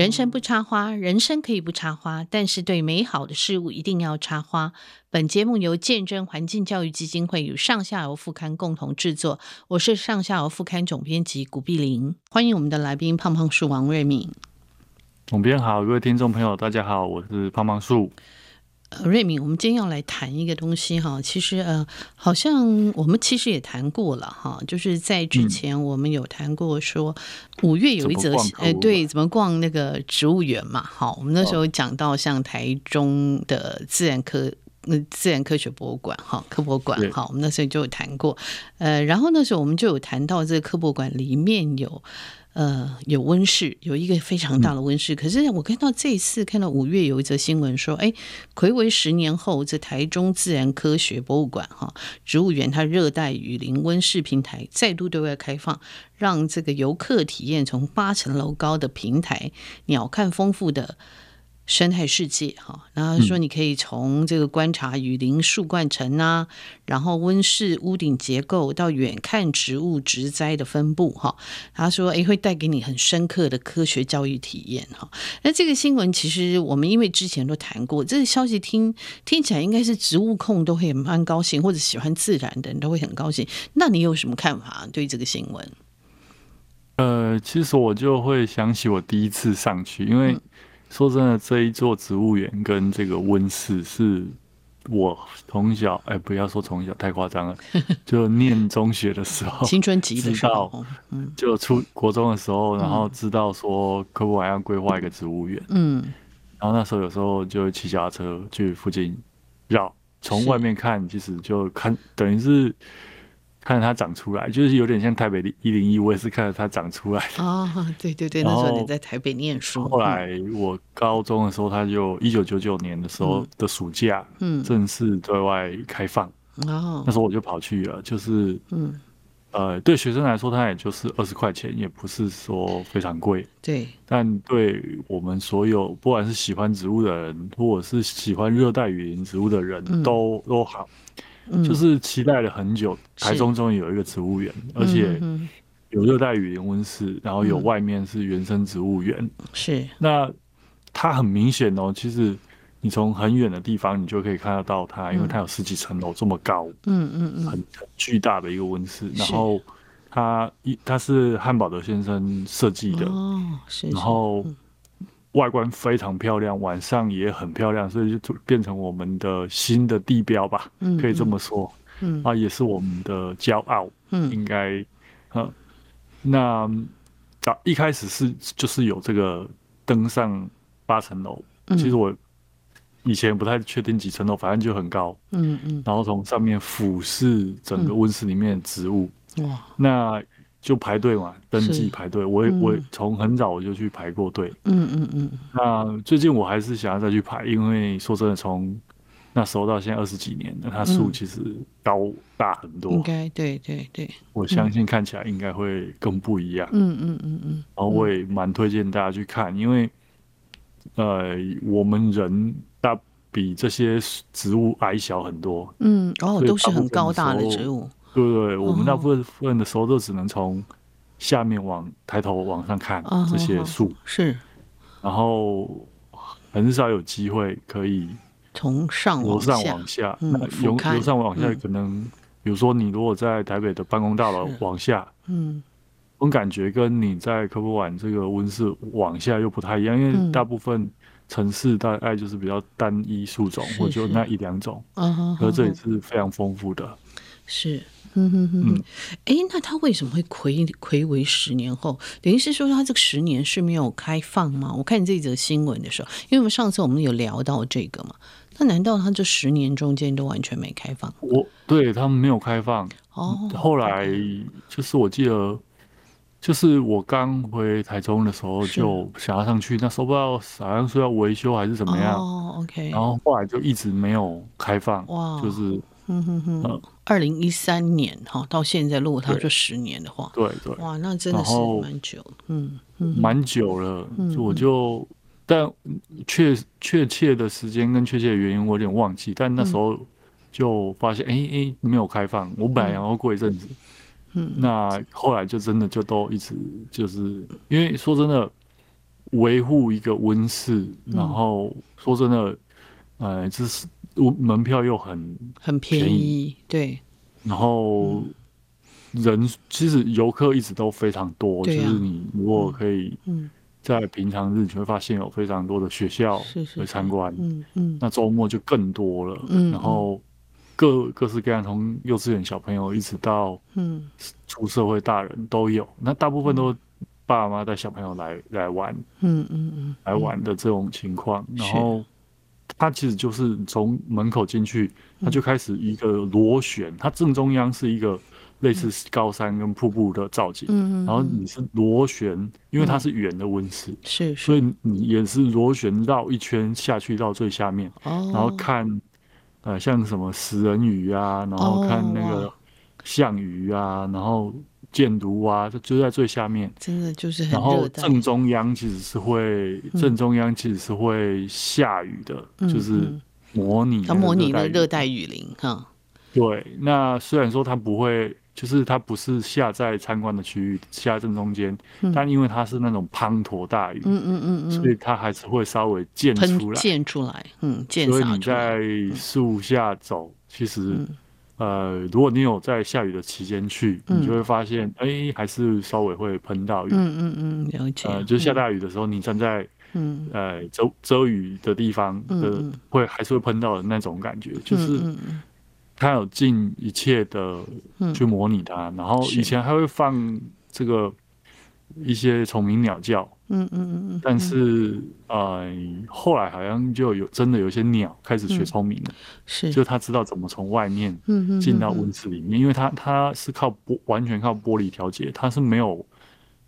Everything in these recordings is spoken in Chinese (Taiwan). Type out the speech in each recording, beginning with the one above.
人生不插花，人生可以不插花，但是對美好的事物一定要插花。本節目由建蓁環境教育基金會與上下游副刊共同制作，我是上下游副刊總編輯古碧玲，歡迎我們的來賓胖胖樹王瑞閔。總編好，各位聽眾朋友，大家好，我是胖胖樹。瑞閔，我們今天要來談一個東西哈，其實呃，好像我們其實也談過了哈，就是在之前我們有談過說五月有一則，哎、嗯呃，對，怎麼逛那個植物園嘛？哈，我們那時候講到像台中的自然科、哦、自然科學博物館哈，科博館哈，我們那時候就有談過，呃，然後那時候我們就有談到這個科博館裡面有。呃，有溫室，有一個非常大的溫室。可是我看到這一次看到五月有一則新聞說，哎，暌違十年後，這台中自然科學博物館哈，植物園它熱帶雨林溫室平台再度對外開放，讓這個遊客體驗從八層樓高的平台鳥瞰豐富的。生態世界哈，然後說你可以從這個觀察雨林樹冠層吶、啊嗯，然後溫室屋頂結構到遠看植物植栽的分布哈，他說哎、欸，會帶給你很深刻的科學教育體驗哈。那這個新聞其實我們因為之前都談過，這個消息聽聽起來應該是植物控都會蠻高興，或者喜歡自然的人都會很高興。那你有什麼看法對這個新聞？呃，其實我就會想起我第一次上去，因為、嗯。說真的，這一座植物園跟這個溫室，是我從小哎、欸，不要說從小太誇張了，就念中學的時候， 青春期的時候，就出國中的時候，然後知道說，科博還要規劃一個植物園，嗯，然後那時候有時候就騎腳踏車去附近繞，從外面看，其實就看等於是。看着它長出來，就是有點像台北的一零一。我也是看着它長出來啊、哦，對對對。那時候你在台北念書、嗯。後來我高中的時候，他就一九九九年的時候的暑假，嗯，正式對外開放、嗯嗯。那時候我就跑去了，就是嗯呃，對學生來說，他也就是二十塊錢，也不是說非常貴。對。但對我們所有，不管是喜歡植物的人，或者是喜歡熱帶雨林植物的人，都、嗯、都好。嗯、就是期待了很久，台中終於有一個植物園，而且有熱帶雨林溫室、嗯，然後有外面是原生植物園。是，那它很明顯哦，其實你從很遠的地方你就可以看得到它，因為它有十幾層樓這麼高。嗯嗯嗯，很很巨大的一個溫室、嗯，然後它一它是漢堡德先生設計的哦，然後。外觀非常漂亮，晚上也很漂亮，所以就變成我們的新的地標吧，可以這麼說，嗯，嗯啊，也是我們的驕傲，嗯，應該，嗯，那早、啊、一開始是就是有這個登上八層樓、嗯，其實我以前不太確定幾層樓，反正就很高，嗯嗯，然後從上面俯視整個溫室裡面的植物，哇、嗯，那。就排隊嘛，登記排隊、嗯。我我從很早我就去排過隊。嗯嗯嗯。那最近我還是想要再去排，因為說真的，從那時候到現在二十幾年，那、嗯、它樹其實高大很多。應該對對對。我相信看起來應該會更不一樣。嗯嗯嗯嗯。然後我也蠻推薦大家去看，因為、嗯、呃，我們人大比這些植物矮小很多。嗯，哦，都是很高大的植物。對對對，我們大部分的時候都只能從下面往、uh -huh. 抬頭往上看這些樹，是、uh -huh.，然後很少有機會可以從上往下，從上往下，那從、嗯、上往下，可能、嗯、比如說你如果在台北的辦公大樓往下，嗯，我感覺跟你在科博館這個溫室往下又不太一樣、嗯，因為大部分城市，大概就是比較單一樹種，或者就那一兩種，嗯、uh -huh. 可是這裡是非常豐富的，uh -huh. 是。嗯哼哼，哎、嗯欸，那他為什麼會暌暌違十年後？等於是說他這十年是沒有開放嗎？我看你這則新聞的時候，因為我們上次我們有聊到這個嘛，那難道他這十年中間都完全沒開放？我對他們沒有開放哦。後來就是我記得，就是我剛回台中的時候就想要上去，那時候不知道好像說要維修還是怎麼樣。哦、OK，然後後來就一直沒有開放。哇，就是。嗯哼哼，二零一三年哈，到現在，如果他說十年的話，對，對對，哇，那真的是蠻久嗯，蠻久了。久了嗯、哼哼我就但確確切的時間跟確切的原因，我有點忘記。但那時候就發現，哎、嗯、哎，欸欸、沒有開放。我本來想要過一陣子，嗯，那後來就真的就都一直就是，因為說真的，維護一個溫室，然後說真的，哎、呃，這、就是。我門票又很便很便宜，便宜，對。然後人、嗯、其實遊客一直都非常多，啊、就是你如果可以嗯，在平常日你會發現有非常多的學校會參觀，是是是，嗯嗯，那周末就更多了。嗯嗯然後各各式各樣，從幼稚園小朋友一直到嗯出社會大人都有。嗯、那大部分都爸爸媽媽帶小朋友來來玩，嗯嗯，嗯，嗯嗯，來玩的這種情況，然後。它其實就是從門口進去，它就開始一個螺旋、嗯。它正中央是一個類似高山跟瀑布的造景、嗯，然後你是螺旋、嗯，因為它是圓的溫室、嗯，所以你也是螺旋繞一圈下去到最下面、哦，然後看，呃，像什麼食人魚啊，然後看那個象魚啊，哦、然後。箭毒蛙就就在最下面，真的就是很熱的。然後正中央其實是會、嗯，正中央其實是會下雨的，嗯、就是模擬、嗯、它模擬了熱帶雨林哈。對，那雖然說它不會，就是它不是下在參觀的區域，下在正中間、嗯，但因為它是那種滂沱大雨，嗯嗯嗯嗯，所以它還是會稍微濺出來，濺出來，嗯，濺出來所以你在樹下走，嗯、其實。呃，如果你有在下雨的期間去，嗯，你就會發現，哎，欸，還是稍微會噴到雨。嗯嗯嗯，了解。呃，就是下大雨的時候，嗯，你站在嗯，呃遮遮雨的地方，嗯、呃，會還是會噴到的那種感覺，嗯，就是他有盡一切的去模擬它，嗯嗯。然後以前還會放這個一些蟲鳴鳥叫。嗯嗯嗯嗯，但是啊、呃，後來好像就有真的有些鳥開始學聰明了、嗯，是，就它知道怎麼從外面嗯進到溫室裡面，嗯嗯嗯、因為它它是靠玻，完全靠玻璃調節，它是沒有，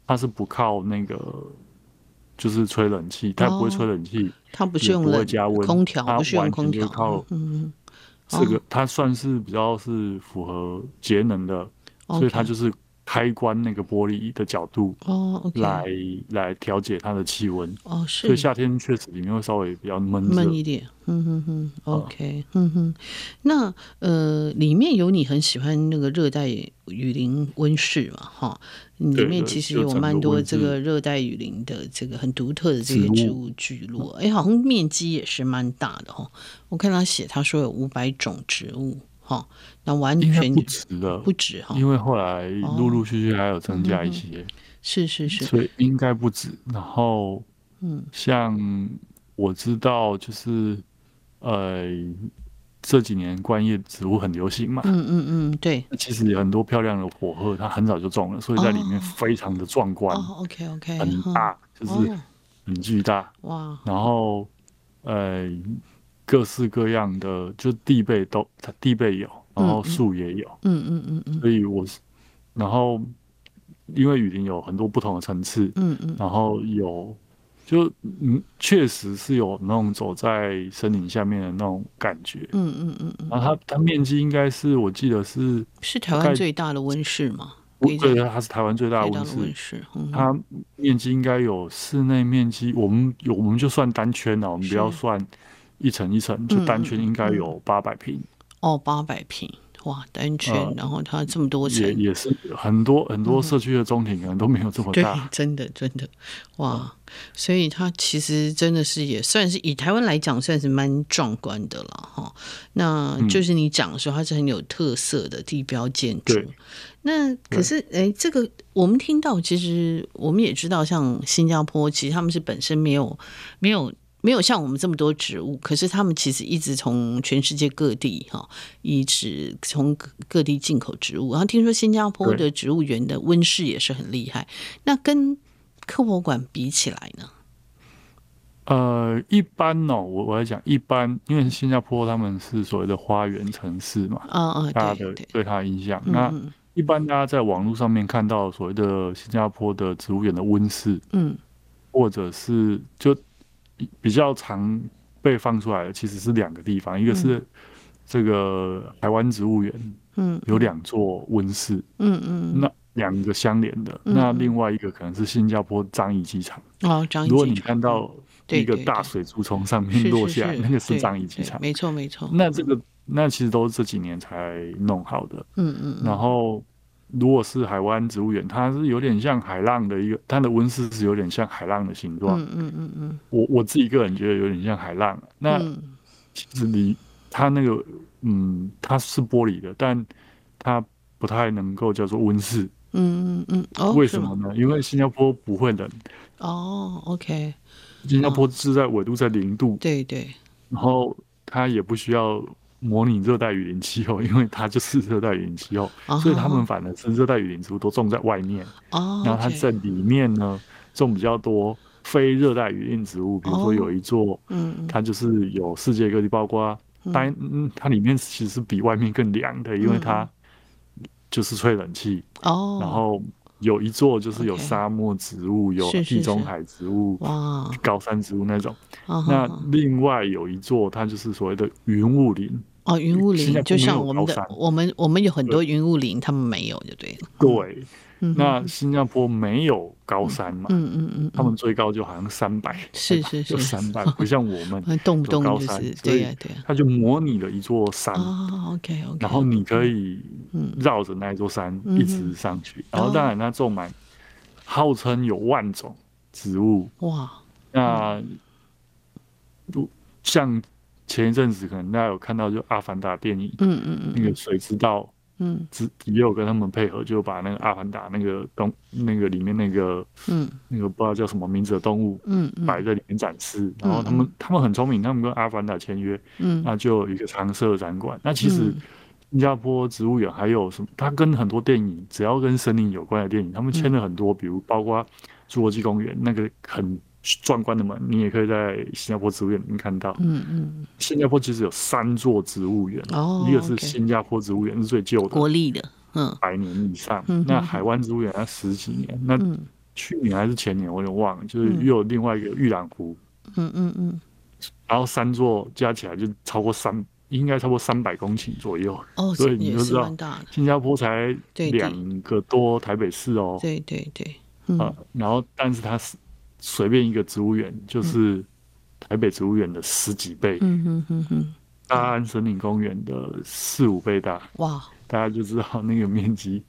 它是不靠那個，就是吹冷氣，它不會吹冷氣、哦，它不是用不會加溫空調，它完全就是靠嗯，這、嗯、個、哦、它算是比較是符合節能的、哦，所以它就是。開關那個玻璃的角度哦，oh, okay. 來來調節它的氣溫哦，所以夏天確實裡面會稍微比較悶悶一點，嗯嗯嗯，OK，嗯、啊、哼，那呃裡面有你很喜歡那個熱帶雨林溫室嘛哈？裡面其實有蠻多這個熱帶雨林的這個很獨特的這些植物聚落，哎、欸，好像面積也是蠻大的哈。我看他寫他說有五百種植物哈。那完全不止了，不止哈、哦，因為後來陸陸續續還有增加一些、哦嗯嗯，是是是，所以應該不止。然後，嗯，像我知道就是，嗯、呃，這幾年觀葉植物很流行嘛，嗯嗯嗯，對。其實有很多漂亮的火鶴，它很早就種了，所以在裡面非常的壯觀。OK、哦、OK，很大、哦很大哦，就是很巨大，哇。然後，呃，各式各樣的，就地被都它地被有。然後樹也有，嗯嗯嗯嗯，所以我是，然後因為雨林有很多不同的層次，嗯嗯，然後有就嗯確實是有那種走在森林下面的那種感覺，嗯嗯嗯嗯。然後它它面積應該是我記得是是台，是台灣最大的溫室嗎？我覺得它是台灣最大的溫室，它面積應該有室內面積，我們有我們就算單圈了，我們不要算一層一層，就單圈應該有八百平。嗯嗯嗯哦，八百坪哇，單圈、呃，然後它這麼多層，也，也是很多很多社區的中庭可能都沒有這麼大，對，真的真的，哇、嗯，所以它其實真的是也算是以台灣來講算是蠻壯觀的啦哈。那就是你講的時候，它是很有特色的地標建築。嗯、對，那可是哎，這個我們聽到其實我們也知道，像新加坡其實他們是本身沒有沒有。沒有像我們這麼多植物，可是他們其實一直從全世界各地哈，一直從各地進口植物。然後聽說新加坡的植物園的溫室也是很厲害，那跟科博館比起來呢？呃，一般呢、哦，我我來講一般，因為新加坡他們是所謂的花園城市嘛，啊嗯，對對對，對它的影響。那一般大家在網絡上面看到所謂的新加坡的植物園的溫室，嗯，或者是就。比較常被放出來的其實是兩個地方、嗯，一個是這個台灣植物園，嗯，有兩座溫室，嗯嗯，那兩個相連的、嗯，那另外一個可能是新加坡樟宜機場哦樟宜機場，如果你看到一個大水柱從上面落下，對對對，那個是樟宜機場，是是是，那個是樟宜機場，對對對，沒錯沒錯，那這個、嗯、那其實都是這幾年才弄好的，嗯嗯，然後。如果是海灣植物園，它是有點像海浪的一個，它的溫室是有點像海浪的形狀。嗯嗯嗯嗯，我我自己個人覺得有點像海浪。那其實你、嗯、它那個嗯，它是玻璃的，但它不太能夠叫做溫室。嗯嗯嗯，oh, 為什麼呢？因為新加坡不會冷。哦、oh，OK、no。新加坡是在緯度在零度。對對。然後它也不需要。模擬熱帶雨林氣候，因為它就是熱帶雨林氣候，所以他們反而是熱帶雨林植物都種在外面，然後它在裡面呢種比較多非熱帶雨林植物，比如說有一座，嗯，它就是有世界各地，包括但嗯，它裡面其實是比外面更涼的，因為它就是吹冷氣，然後有一座就是有沙漠植物，有地中海植物，高山植物那種，那另外有一座，它就是所謂的雲霧林。哦，雲霧林就像我們的，我們我們有很多雲霧林，他們沒有，就對了。對、嗯，那新加坡沒有高山嘛？嗯嗯嗯，他們最高就好像三百、嗯，是是是三百，不像我們高山 動不動就是對呀對呀，他就模擬了一座山。對啊，OK OK，、啊、然後你可以繞着那座山一直上去，嗯、然後當然他種滿、嗯、號稱有萬種植物哇，那、嗯、像。前一陣子可能大家有看到，就《阿凡達》電影，嗯嗯嗯，那個水之道，嗯，只也有跟他們配合，就把那個《阿凡達》那個東，那個裡面那個，嗯，那個不知道叫什麼名字的動物，嗯擺在裡面展示。然後他們他們很聰明，他們跟《阿凡達》簽約，嗯，那就有一個常設的展館。那其實新加坡植物園還有什麼？它跟很多電影，只要跟森林有關的電影，他們簽了很多，比如包括《侏羅紀公園》那個很。壯觀的嘛，你也可以在新加坡植物園裡面看到。嗯嗯，新加坡其實有三座植物園，哦，一個是新加坡植物園是最舊的，國立的，嗯，百年以上。嗯嗯嗯、那海灣植物園要十幾年，嗯嗯。那去年還是前年，我有點忘了，嗯、就是又有另外一個玉蘭湖。嗯嗯嗯，然後三座加起來就超過三，應該超過三百公頃左右。哦，所以你就知道新加坡才兩個多台北市哦。對、嗯、對對，對、嗯，啊，然後但是它是。隨便一個植物園就是台北植物園的十幾倍，嗯哼哼哼，大安森林公園的四五倍大，哇！大家就知道那個面積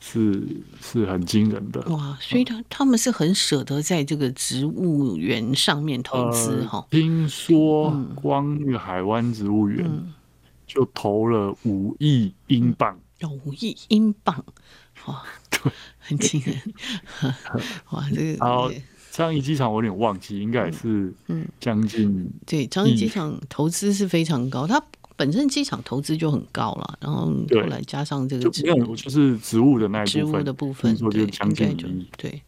是是很驚人的，哇！所以他他們是很舍得在這個植物園上面投資哈、呃。聽說光那個海灣植物園、嗯、就投了五億英鎊，五、哦、億英鎊，哇， 很驚驚人， 哇，這個 樟宜機場我有點忘記，應該是嗯，將近對。樟宜機場投資是非常高，它本身機場投資就很高了，然後後來加上這個就沒有，就是植物的那一部分，植物的部分，所以就將近一億對。應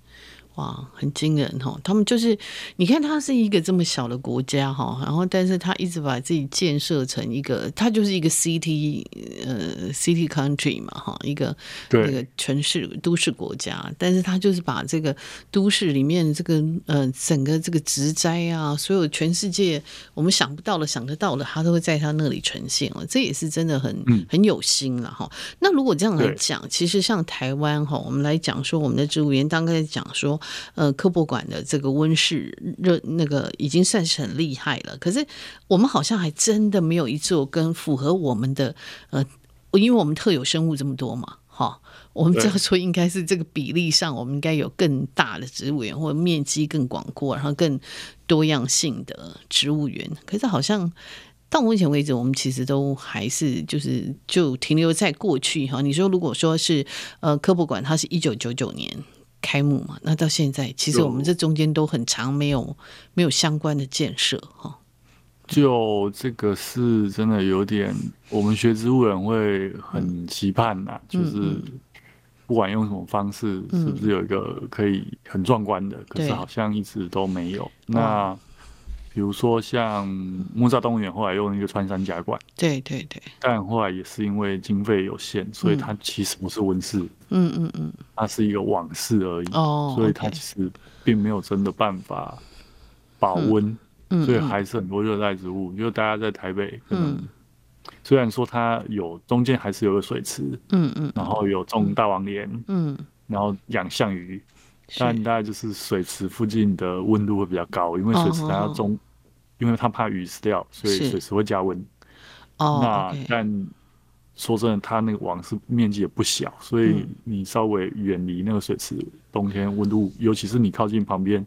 哇，很驚人吼！他們就是，你看，它是一個這麼小的國家哈，然後，但是它一直把自己建設成一個，它就是一個 city，呃，city country 嘛哈，一個對、那個城市都市國家，但是他就是把這個都市裡面這個呃，整個這個植栽啊，所有全世界我們想不到的、想得到的，他都會在他那裡呈現了，喔，這也是真的很、嗯、很有心了哈。那如果這樣來講，其實像台灣哈，我們來講說我們的植物園，剛剛講說。呃，科博館的這個溫室熱那個已經算是很厲害了。可是我們好像還真的沒有一座跟符合我們的呃，因為我們特有生物這麼多嘛，哈，我們這樣說應該是這個比例上，我們應該有更大的植物園，或者面積更廣闊，然後更多樣性的植物園。可是好像到目前為止，我們其實都還是就是就停留在過去哈。你說如果說是呃科博館，它是一九九九年。開幕嘛，那到現在其實我們這中間都很長沒有沒有相關的建設哈。就這個是真的有點，我們學植物人會很期盼吶、啊嗯，就是不管用什麼方式、嗯，是不是有一個可以很壯觀的？嗯、可是好像一直都沒有那。比如說像木柵動物園，後來用一個穿山甲館，對對對，但後來也是因為經費有限，所以它其實不是溫室，嗯嗯嗯，它是一個網室而已，哦，所以它其實並沒有真的辦法保溫、嗯，所以還是很多熱帶植物、嗯嗯。就大家在台北，嗯，雖然說它有中間還是有個水池，嗯嗯，然後有種大王蓮，嗯，然後養象魚，但大概就是水池附近的溫度會比較高，因為水池大家種。嗯中因為他怕魚死掉，所以水池會加溫。哦，oh, 那、okay. 但說真的，它那個網是面積也不小，所以你稍微遠離那個水池，嗯、冬天溫度，尤其是你靠近旁邊，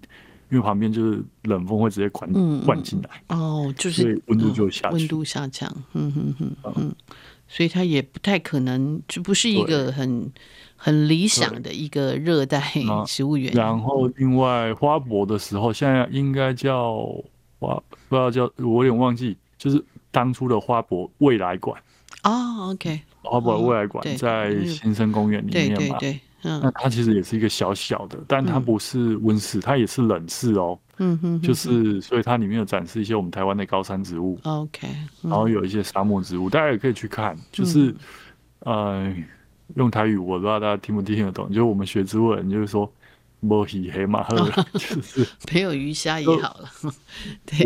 因為旁邊就是冷風會直接灌灌進來嗯嗯、oh, 就是所以。哦，就是溫度就下溫度下降。嗯哼哼嗯嗯所以它也不太可能，就不是一個很很理想的一個熱帶植物園、嗯。然後另外花博的時候，現在應該叫花。不知道叫，我有點忘記，就是當初的花博未來館。哦、oh,，OK，oh, 花博未來館在新生公園裡面嘛。對對對，嗯，那它其實也是一個小小的，但它不是溫室，它也是冷室哦。嗯哼。就是，所以它裡面有展示一些我們台灣的高山植物。OK。然後有一些沙漠植物，大家也可以去看。就是，嗯、呃，用台語我不知道大家聽不聽得懂，就是我們學植物人就是說。沒魚黑馬赫， 就是 沒有魚蝦也好了。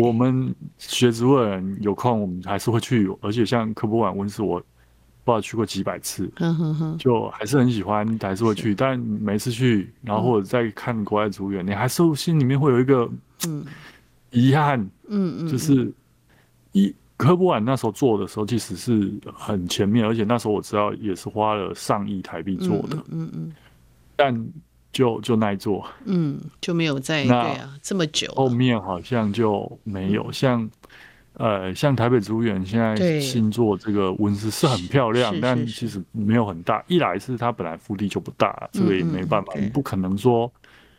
我們學植物人有空，我們還是會去， 而且像科博館溫室，我不知道去過幾百次， 就還是很喜歡，還是會去。 但每次去，然後或者再看國外植物園、嗯、你還是心裡面會有一個遺、嗯、憾，嗯、嗯嗯，就是一科博館那時候做的時候，其實是很前面，而且那時候我知道也是花了上億台幣做的，嗯嗯、嗯、嗯，但。就就那一座，嗯，就沒有在那。對啊，這麼久。後面好像就沒有、嗯、像，呃，像台北植物園現在新做這個溫室是很漂亮，但其實沒有很大。一來是它本來腹地就不大，這個也沒辦法，你、嗯嗯、不可能說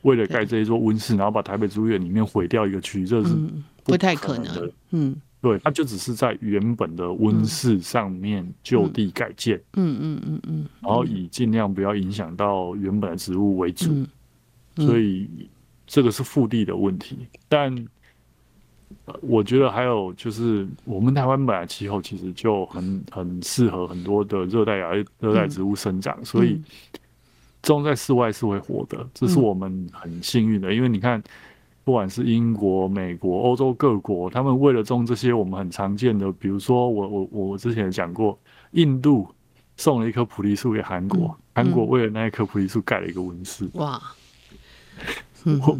為了蓋這一座溫室，然後把台北植物園裡面毀掉一個區，這是不可能的、嗯、不太可能嗯。對，它就只是在原本的溫室上面就地改建，嗯嗯嗯嗯，然後以盡量不要影響到原本的植物為主，嗯嗯、所以這個是腹地的問題。但我覺得還有就是，我們台灣本來的氣候其實就很很適合很多的熱帶亞熱帶植物生長，所以種在室外是會活的，這是我們很幸運的。嗯、因為你看。不管是英國、美國、歐洲各國，他們為了種這些我們很常見的，比如說我我我之前講過，印度送了一棵菩提樹給韓國，韓、嗯嗯、國為了那一棵菩提樹蓋了一個溫室。哇，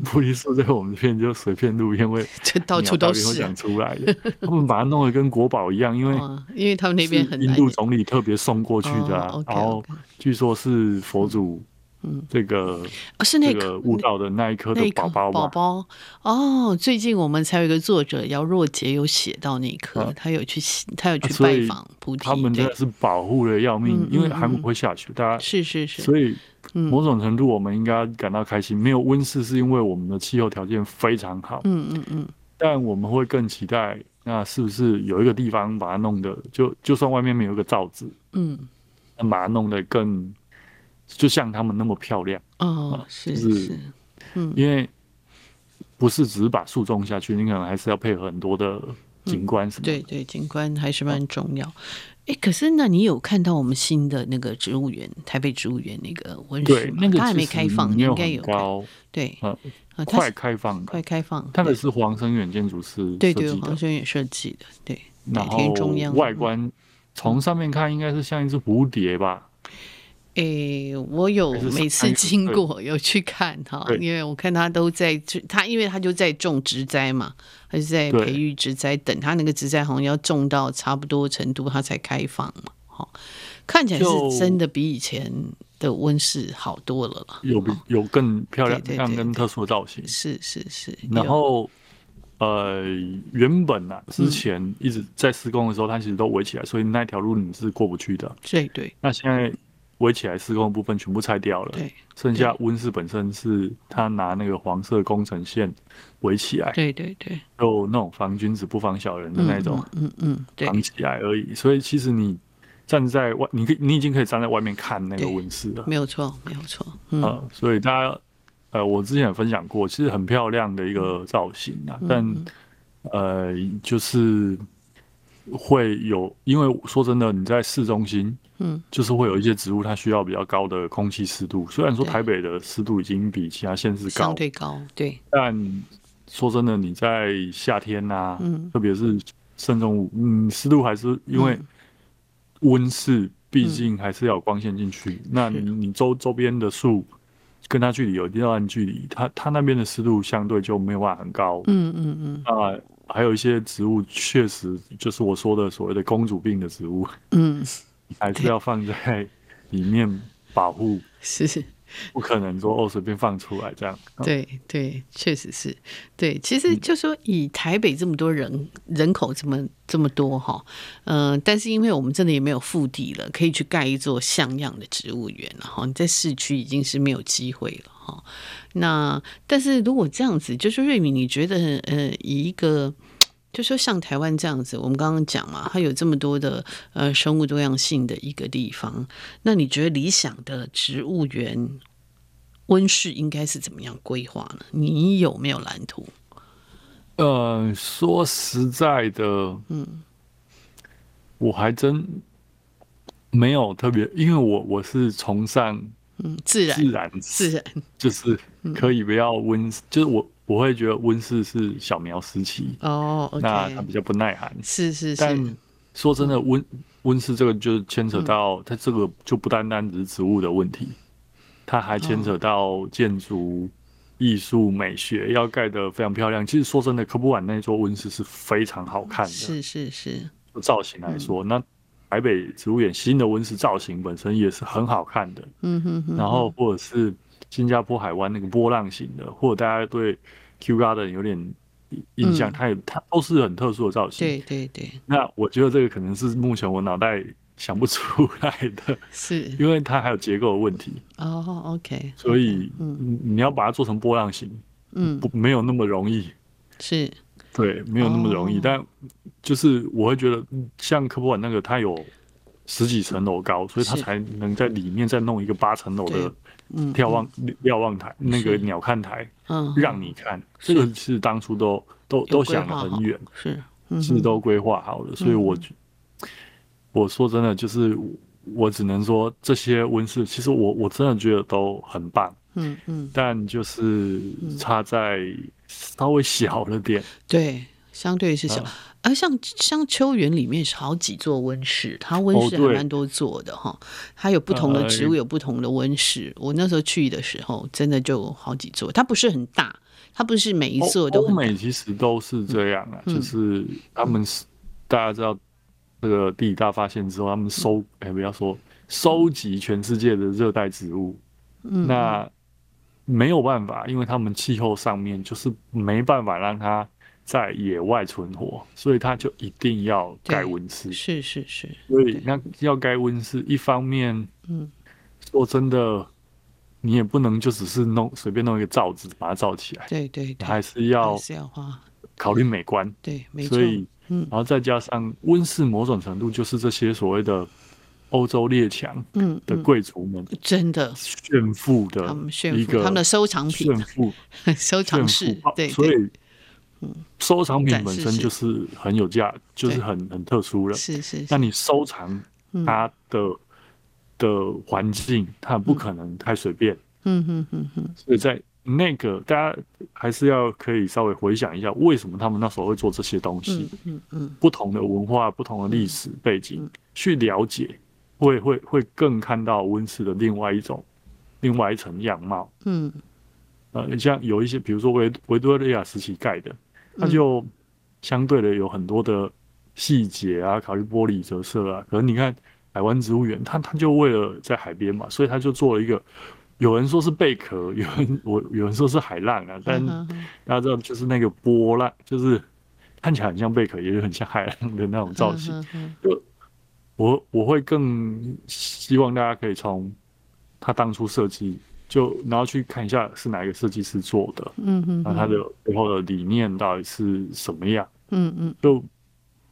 菩提樹在我們這邊就隨便錄因為到這到處都是會長出來的。他們把它弄得跟國寶一樣， 因為、啊、因為他們那邊很印度總理特別送過去的然後據說是佛祖。嗯，這個、啊、是那、這個舞蹈的那一顆的寶寶嗎，寶寶哦。最近我們才有一個作者姚若杰有寫到那一棵、嗯、他有去他有去拜訪菩提，啊嗯呃呃呃呃呃、他們真的是保護的要命，嗯、因為韓國不會下去，大、嗯、家是是是。所以某種程度我們應該感到開心，嗯、沒有溫室是因為我們的氣候條件非常好。嗯嗯嗯。但我們會更期待，那是不是有一個地方把它弄的，就就算外面沒有一個罩子，嗯，把它弄得更。就像他們那麼漂亮哦、嗯，是是，嗯，因為不是只是把樹種下去，你可能還是要配合很多的景觀什麼的。嗯、對，對對，景觀還是蠻重要。哎、嗯欸，可是那你有看到我們新的那個植物園，台北植物園那個溫室嗎？對，那個還沒開放、那個沒，應該有開，對，啊、呃，快開放，快開放。它的是黃生遠建築師。對，對對，黃生遠設計的。對，哪天中央。外觀從、嗯、上面看應該是像一隻蝴蝶吧。哎、欸，我有每次經過有去看哈，因為我看他都在，他因為他就在種植栽嘛，還是在培育植栽，等他那個植栽好像要種到差不多程度，他才開放嘛。看起來是真的比以前的溫室好多了，有有更漂亮，對對對對，更跟特殊的造型，是是是。然後，呃，原本呢，啊，之前一直在施工的時候，他，嗯、其實都圍起來，所以那條路你是過不去的。對對，對，那現在。圍起來施工的部分全部拆掉了，剩下溫室本身是他拿那個黃色工程線圍起來，對對對，就那種防君子不防小人的那種，嗯嗯對，防起來而已、嗯嗯嗯。所以其實你站在外，你可以你已經可以站在外面看那個溫室了，沒有錯，沒有錯，嗯。呃、所以他呃，我之前有分享過，其實很漂亮的一個造型啊、嗯，但、嗯、呃，就是會有，因為說真的，你在市中心。嗯，就是會有一些植物它需要比較高的空氣濕度。雖然說台北的濕度已經比其他縣市高，對，相對高，對，但說真的，你在夏天吶，特別是深中午，嗯，濕、嗯、度還是因為溫室畢竟還是要有光線進去、嗯。那你，你周周邊的樹跟它距離有一段距離，它它那邊的濕度相對就沒有辦法很高。嗯嗯嗯。啊、嗯呃，還有一些植物確實就是我說的所謂的“公主病”的植物。嗯。還是要放在裡面保護，是不可能說哦，隨便放出來這樣。對對，確實是。對，其實就是說以台北這麼多人、嗯、人口這麼這麼多哈，嗯、呃，但是因為我們真的也沒有腹地了，可以去蓋一座像樣的植物園了哈。你在市區已經是沒有機會了哈。那但是如果這樣子，就是瑞敏，你覺得呃，以一個。就是說像台灣這樣子，我們剛剛講嘛，它有這麼多的呃生物多樣性的一個地方。那你覺得理想的植物園溫室應該是怎麼樣規劃呢？你有沒有藍圖？呃，說實在的，嗯，我還真沒有特別，因為我我是崇尚嗯自然自然、嗯、自然，就是可以不要溫、嗯，就是我。我會覺得溫室是小苗時期哦，oh, okay. 那它比較不耐寒。是是是。但說真的，溫溫室這個就牽扯到它、嗯、這個就不單單只是植物的問題，它還牽扯到建築、藝術、美學，oh. 要蓋得非常漂亮。其實說真的，科博館那座溫室是非常好看的，是是是。造型來說、嗯，那台北植物園新的溫室造型本身也是很好看的。嗯哼哼，哼。然後或者是。新加坡海灣那個波浪形的，或者大家對 Q Garden 有點印象，嗯、它也它都是很特殊的造型。對對對。那我覺得這個可能是目前我腦袋想不出來的是，因為它還有結構的問題。哦，OK, okay。所以，嗯，你要把它做成波浪形，嗯，不沒有那麼容易。是。對，沒有那麼容易。哦、但就是我會覺得，像科博館那個，它有。十幾層樓高，所以他才能在裡面再弄一個八層樓的眺望，嗯、瞭望台，嗯、望台那個鳥瞰台、嗯，讓你看。是，這個是當初都都都想得很遠，是、嗯，其實都規劃好了。嗯、所以我，我我說真的，就是我只能說，這些溫室其實我我真的覺得都很棒，嗯嗯，但就是差在稍微小了點、嗯，對，相對是小。呃而、啊，像像邱園裡面是好幾座溫室，它溫室還蠻多座的哈、哦，它有不同的植物，有不同的溫室、呃。我那時候去的時候，真的就好幾座，它不是很大，它不是每一座都很大。歐美其實都是這樣啊、嗯，就是他們是大家知道那個地理大發現之後，他們收哎、嗯欸、不要說收集全世界的熱帶植物、嗯，那沒有辦法，因為他們氣候上面就是沒辦法讓它。在野外存活，所以它就一定要蓋溫室。是是是，所以那要蓋溫室，一方面，嗯，說真的，你也不能就只是弄隨便弄一個罩子把它罩起來。對對對，還是要考慮美觀。對，所以，嗯，然後再加上溫室某種程度就是這些所謂的歐洲列強，嗯，的貴族們真的炫富的一個炫富，他們炫富，炫富，他們的收藏品，炫富 收藏室對，對，所以。嗯，收藏品本身就是很有價，就是很很特殊了。是是，是。那你收藏它的、嗯、的環境，它不可能太隨便。嗯嗯嗯嗯。所以在那個，大家還是要可以稍微回想一下，為什麼他們那時候會做這些東西？嗯嗯，嗯。不同的文化，不同的歷史背景、嗯，去了解，會會會更看到溫室的另外一種、另外一層樣貌。嗯。呃，你像有一些，比如說維維多利亞時期蓋的。它就相對的有很多的細節啊，考慮玻璃折射啊。可能你看海灣植物園，它它就為了在海邊嘛，所以他就做了一個，有人說是貝殼，有人我有人說是海浪啊，但大家知道就是那個波浪，就是看起來很像貝殼，也很像海浪的那種造型。 我我我會更希望大家可以從他當初設計。就然後去看一下是哪一個設計師做的，嗯嗯，那他的背後的理念到底是什麼樣？嗯嗯，就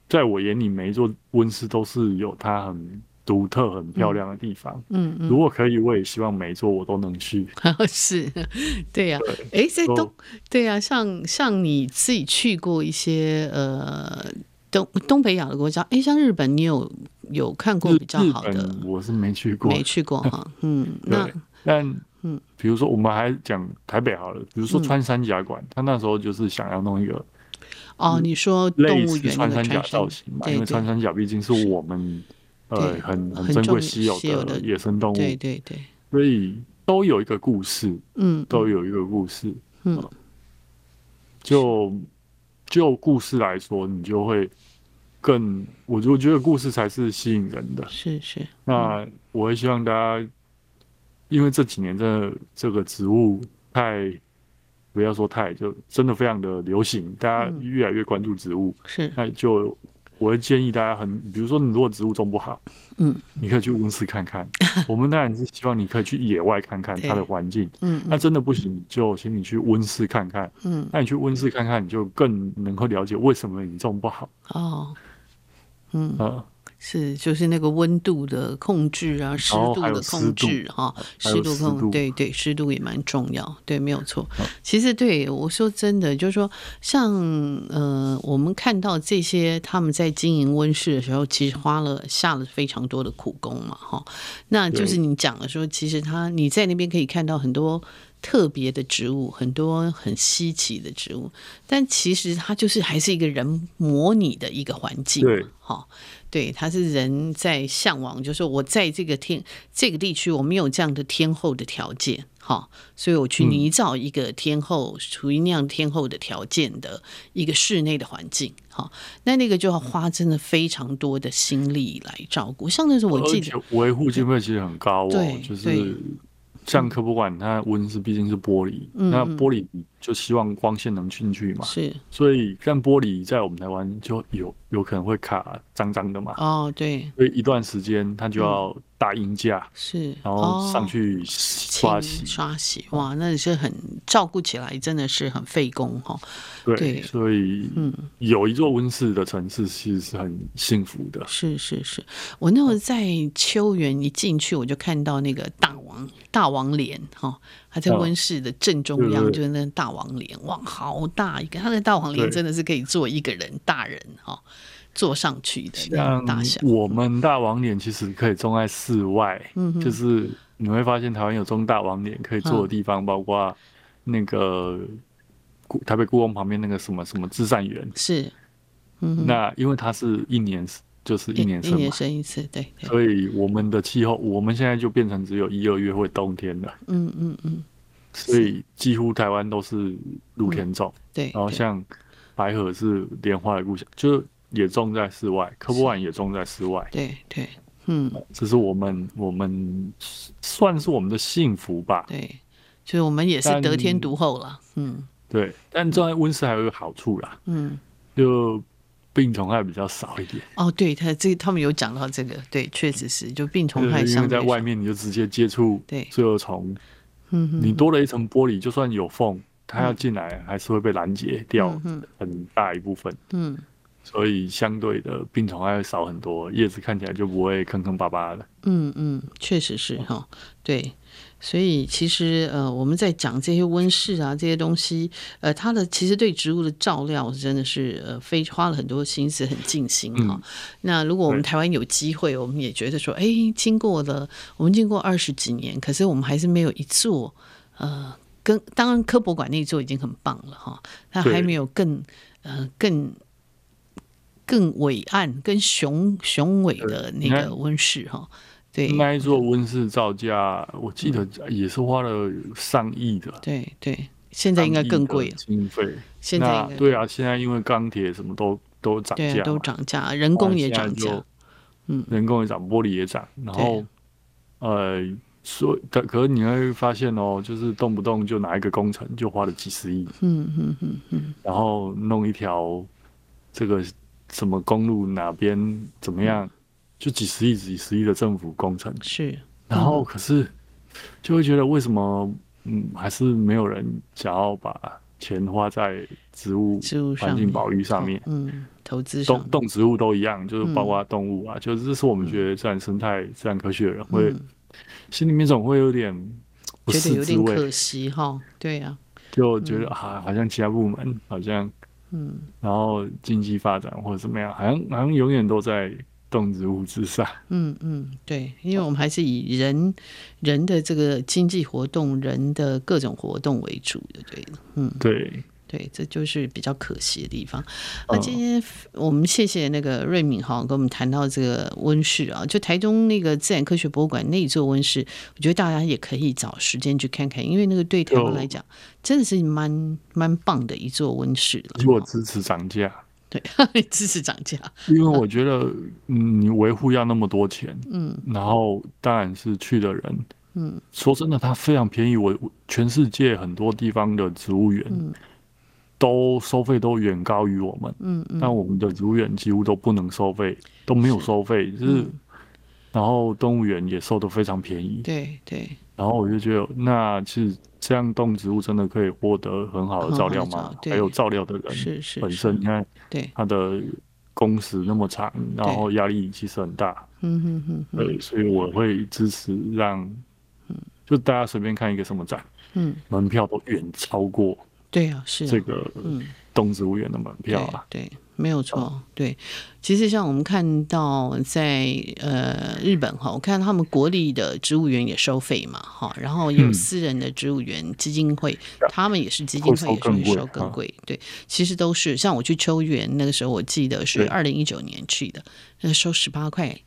在我眼裡，每一座溫室都是有它很獨特、很漂亮的地方。嗯嗯,嗯，如果可以，我也希望每一座我都能去。 是， 對呀、啊，哎，在東，對呀、啊，像像你自己去過一些呃東東北亞的國家，哎，像日本，你有有看過比較好的？我是沒去過，沒去過哈。嗯， 那但。嗯，比如說我們還講台北好了，比如說穿山甲館，他、嗯、那時候就是想要弄一個哦，你說類似的穿山甲造型嘛、哦，因為穿山甲畢竟是我們對對對呃很很珍貴稀有的野生動物，對對對，所以都有一個故事，嗯，都有一個故事，嗯，嗯就就故事來說，你就會更，我就覺得故事才是吸引人的，是是，嗯、那我也希望大家因為這幾年的，這個植物太不要說太，就真的非常的流行，嗯，大家越來越關注植物。是，那就我會建議大家很，很比如說你如果植物種不好，嗯，你可以去溫室看看。 我們當然是希望你可以去野外看看它的環境。嗯，嗯，那真的不行，就請你去溫室看看。嗯，那你去溫室看看，嗯，你就更能夠了解為什麼你種不好。哦，嗯、啊是，就是那個溫度的控制啊，濕度的控制哈，濕度控制，對、對對，濕度也蠻重要，對，沒有錯，哦。其實對我說真的，就是說像，像呃，我們看到這些他們在經營溫室的時候，其實花了下了非常多的苦功嘛，哈。那就是你講的說，其實他你在那邊可以看到很多特別的植物，很多很稀奇的植物，但其實它就是還是一個人模擬的一個環境嘛，對，哈。對，他是人在嚮往，就是我在這個天這個地區我沒有這樣的天候的條件，所以我去擬造一個天候，處、嗯、於那樣天候的條件的一個室內的環境，那那個就要花真的非常多的心力來照顧，像那時候我記得維護經費其實很高、啊，哦就是。像科博館，它溫室畢竟是玻璃、嗯，那玻璃就希望光線能進去嘛。是，所以像玻璃在我們台灣就有有可能會卡髒髒的嘛。哦，對。所以一段時間它就要搭鷹架、嗯，是，然後上去刷洗，哦、刷洗，哇，那是很照顧起來，真的是很費工哈、哦。對，所以嗯，有一座溫室的城市其實是很幸福的。嗯、是是是，我那時在秋園一進去，我就看到那個大王、嗯、大王蓮哈，還、哦、在溫室的正中央，嗯就是、就是那大王蓮哇，好大一個！它的大王蓮真的是可以坐一個人，大人哈、哦、坐上去的那樣大小。我們大王蓮其實可以種在室外，嗯、就是你會發現台灣有種大王蓮可以坐的地方，嗯、包括那個。台北故宮旁邊那個什麼什麼至善園是，嗯，那因為它是一年，就是一年生一,一年生一次，對,對,對，所以我們的氣候，我們現在就變成只有一二月會冬天了，嗯嗯嗯，所以幾乎台灣都是露天種、嗯，對，然後像白河是蓮花的故鄉，就也種在室外，科博館也種在室外，對對,對，嗯，這是我們我們算是我們的幸福吧，對，就是我們也是得天獨厚了，嗯。對，但裝在溫室還有一個好處啦，嗯，就病蟲害比較少一點。哦，對他這他們有講到這個，對，確實是就病蟲害相、就是、因為在外面你就直接接觸，對，就有蟲。嗯，你多了一層玻璃，就算有縫，它要進來還是會被攔截掉、嗯、很大一部分嗯。嗯，所以相對的病蟲害會少很多，葉子看起來就不會坑坑巴巴的。嗯嗯，確實是哈、嗯，對。所以其實呃，我們在講這些溫室啊，這些東西，呃，它的其實對植物的照料真的是呃，非花了很多心思，很盡心哈、哦。那如果我們台灣有機會，我們也覺得說，哎，經過了我們經過二十幾年，可是我們還是沒有一座呃，跟當然科博館那一座已經很棒了哈，它還沒有更呃更更偉岸、跟雄雄偉的那個溫室哈、哦。嗯嗯對，那一座溫室造價，我記得也是花了上億的。對對，現在應該更貴了。經費現在那對啊，現在因為鋼鐵什麼都都漲價，都漲價，人工也漲價，嗯，人工也漲、嗯，玻璃也漲，然後呃，所以可可你會發現哦、喔，就是動不動就拿一個工程就花了幾十億，嗯嗯嗯嗯，然後弄一條這個什麼公路哪邊怎麼樣？嗯就幾十億、幾十億的政府工程是、嗯，然後可是就會覺得為什麼嗯，還是沒有人想要把錢花在植物、植物環境保育上面？嗯，投資動動植物都一樣，就是包括動物啊，嗯、就是這是我們覺得自然生態、嗯、自然科學的人會、嗯、心裡面總會有點覺得有點可惜哈、哦。對呀、啊，就覺得、嗯、啊，好像其他部門好像嗯，然後經濟發展或者怎麼樣，好像好像永遠都在。種植物之上，嗯嗯，對，因為我們還是以人人的這個經濟活動、人的各種活動為主的，對嗯，對對，這就是比較可惜的地方。那、嗯、今天我們謝謝那個瑞閔哈跟我們談到這個溫室啊，就台中那個自然科學博物館那一座溫室，我覺得大家也可以找時間去看看，因為那個對台灣來講真的是蠻蠻棒的一座溫室了。如果支持漲價。對，支持漲價，因為我覺得你維護要那麼多錢，嗯，然後當然是去的人，嗯，說真的，它非常便宜。我全世界很多地方的植物園都收費都遠高於我們，嗯，嗯，嗯，但我們的植物園幾乎都不能收費，都沒有收費，就是、嗯，然後動物園也收得非常便宜，對對。然後我就覺得，那其實這樣動植物真的可以獲得很好的照料嗎？還有照料的人是是，是本身，你看對他的工時那麼長，然後壓力其實很大，嗯嗯嗯，對，所以我會支持讓、嗯，就大家隨便看一個什麼展，嗯，門票都遠超過這個，對呀、啊、是這個、啊、嗯。動植物園的門票啊，對，對，沒有錯。哦，對。其實像我們看到在呃日本哈，我看他們國立的植物園也收費嘛，哈，然後有私人的植物園、嗯、基金會，他們也是基金會也是收更貴，收更貴。啊，對。其實都是，像我去秋園那個時候，我記得是二零一九年去的，那收十八塊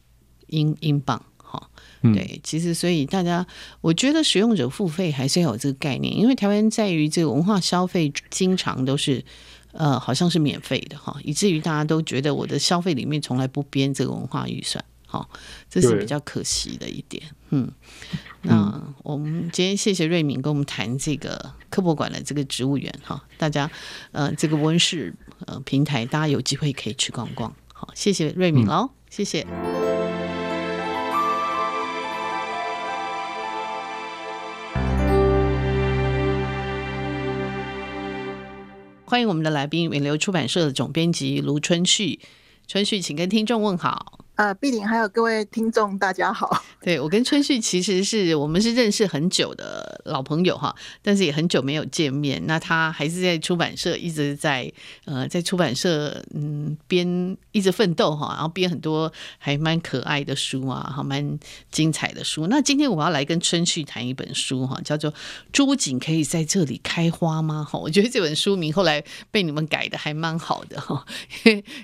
英英鎊，哈。哦嗯。對，其實所以大家我覺得使用者付費還是要有這個概念，因為台灣在於這個文化消費經常都是。呃，好像是免費的哈，以至於大家都覺得我的消費裡面從來不編這個文化預算，哈，這是比較可惜的一點。嗯，那我們今天謝謝瑞閔跟我們談這個科博館的這個植物園哈，大家呃這個溫室呃平台，大家有機會可以去逛逛。好，謝謝瑞閔哦、嗯，謝謝。歡迎我們的來賓，遠流出版社的總編輯盧春旭，春旭，請跟聽眾問好。呃，碧玲還有各位聽眾，大家好。對，我跟春旭其實是我們是認識很久的老朋友哈，但是也很久沒有見面。那他還是在出版社一直在呃在出版社嗯編一直奮鬥哈，然後編很多還蠻可愛的書啊，還蠻精彩的書。那今天我要來跟春旭談一本書哈，叫做《朱槿可以在這裡開花嗎》哈，我覺得這本書名後來被你們改的還蠻好的哈，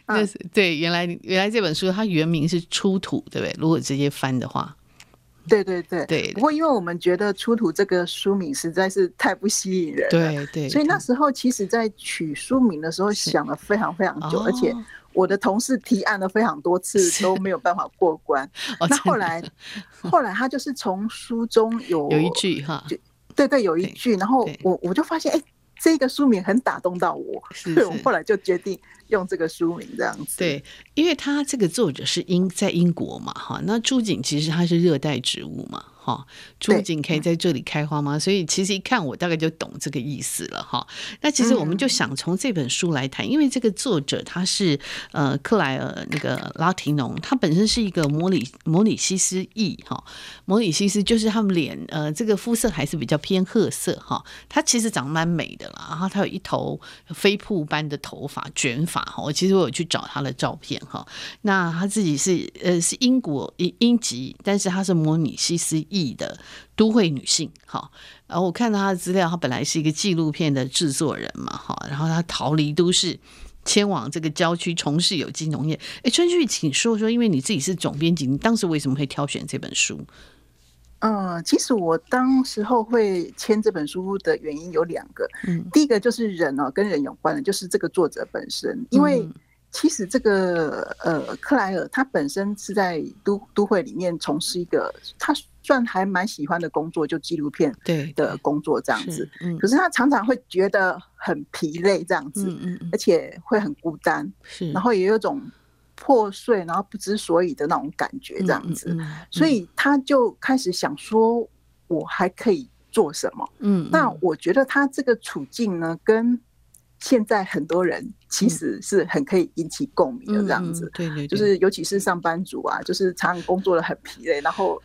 啊。對，原來原來這本書它原名。是出土，對不對？如果直接翻的話，對對對對。不過，因為我們覺得出土這個書名實在是太不吸引人了，對，對對。所以那時候，其實在取書名的時候想了非常非常久，哦、而且我的同事提案了非常多次都沒有辦法過關。哦、那後來，後來他就是從書中有有一句哈，就對對有一句，對對然後我我就發現哎。這個書名很打動到我，所以我後來就決定用這個書名這樣子。是是對，因為他這個作者是英在英國嘛，哈，那朱槿其實他是熱帶植物嘛。哈，朱槿可以在這裡開花嗎？所以其實一看我大概就懂這個意思了哈。那其實我們就想從這本書來談，因為這個作者他是呃克萊兒那個拉提農，他本身是一個模里模里西斯裔哈。模里西斯就是他們臉呃這個膚色還是比較偏褐色哈。他其實長得蠻美的啦，然後他有一頭飛瀑般的頭髮捲髮哈。我其實我有去找他的照片哈。那他自己是呃是英國英籍，但是他是模里西斯。裔的都會女性，好，然後我看到她的資料，她本來是一個紀錄片的製作人嘛，好，然後她逃離都市，遷往這個郊區從事有機農業。哎，春旭，請說說，因為你自己是總編輯，你當時為什麼會挑選這本書？呃、嗯，其實我當時候會簽這本書的原因有兩個，第一個就是人哦，跟人有關的，就是這個作者本身，因為、嗯。其實這個呃，克萊爾他本身是在都都會裡面從事一個他算還蠻喜歡的工作，就紀錄片對的工作這樣子。嗯。可是他常常會覺得很疲累這樣子，嗯嗯嗯。而且會很孤單，是。然後也有一種破碎，然後不知所以的那種感覺這樣子。嗯嗯嗯。所以他就開始想說，我還可以做什麼嗯？嗯。那我覺得他這個處境呢，跟現在很多人。其實是很可以引起共鳴的這樣子，對對，就是尤其是上班族啊，就是常常工作得很疲累，然後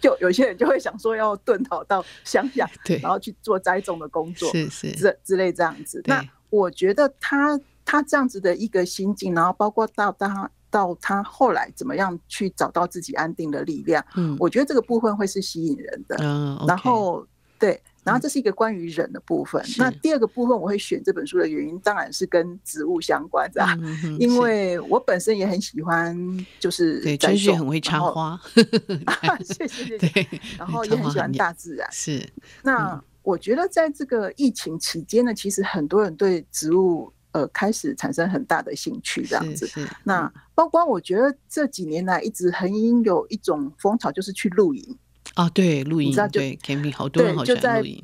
就有些人就會想說要遁逃到鄉下，然後去做栽種的工作，是是這之類這樣子。那我覺得他他這樣子的一個心境，然後包括到他到他後來怎麼樣去找到自己安定的力量，嗯，我覺得這個部分會是吸引人的。嗯，然後對。然後這是一個關於人的部分。嗯、那第二個部分，我會選這本書的原因，當然是跟植物相關的、嗯嗯，因為我本身也很喜歡，就是對，春旭很會插花 對、啊，謝謝對。然後也很喜歡大自然。是。那、嗯、我覺得在這個疫情期間呢，其實很多人對植物呃開始產生很大的興趣，這樣子。嗯、那包括我覺得這幾年來一直很有一種風潮，就是去露營。啊，對露營，對 camping，好多人好喜歡露營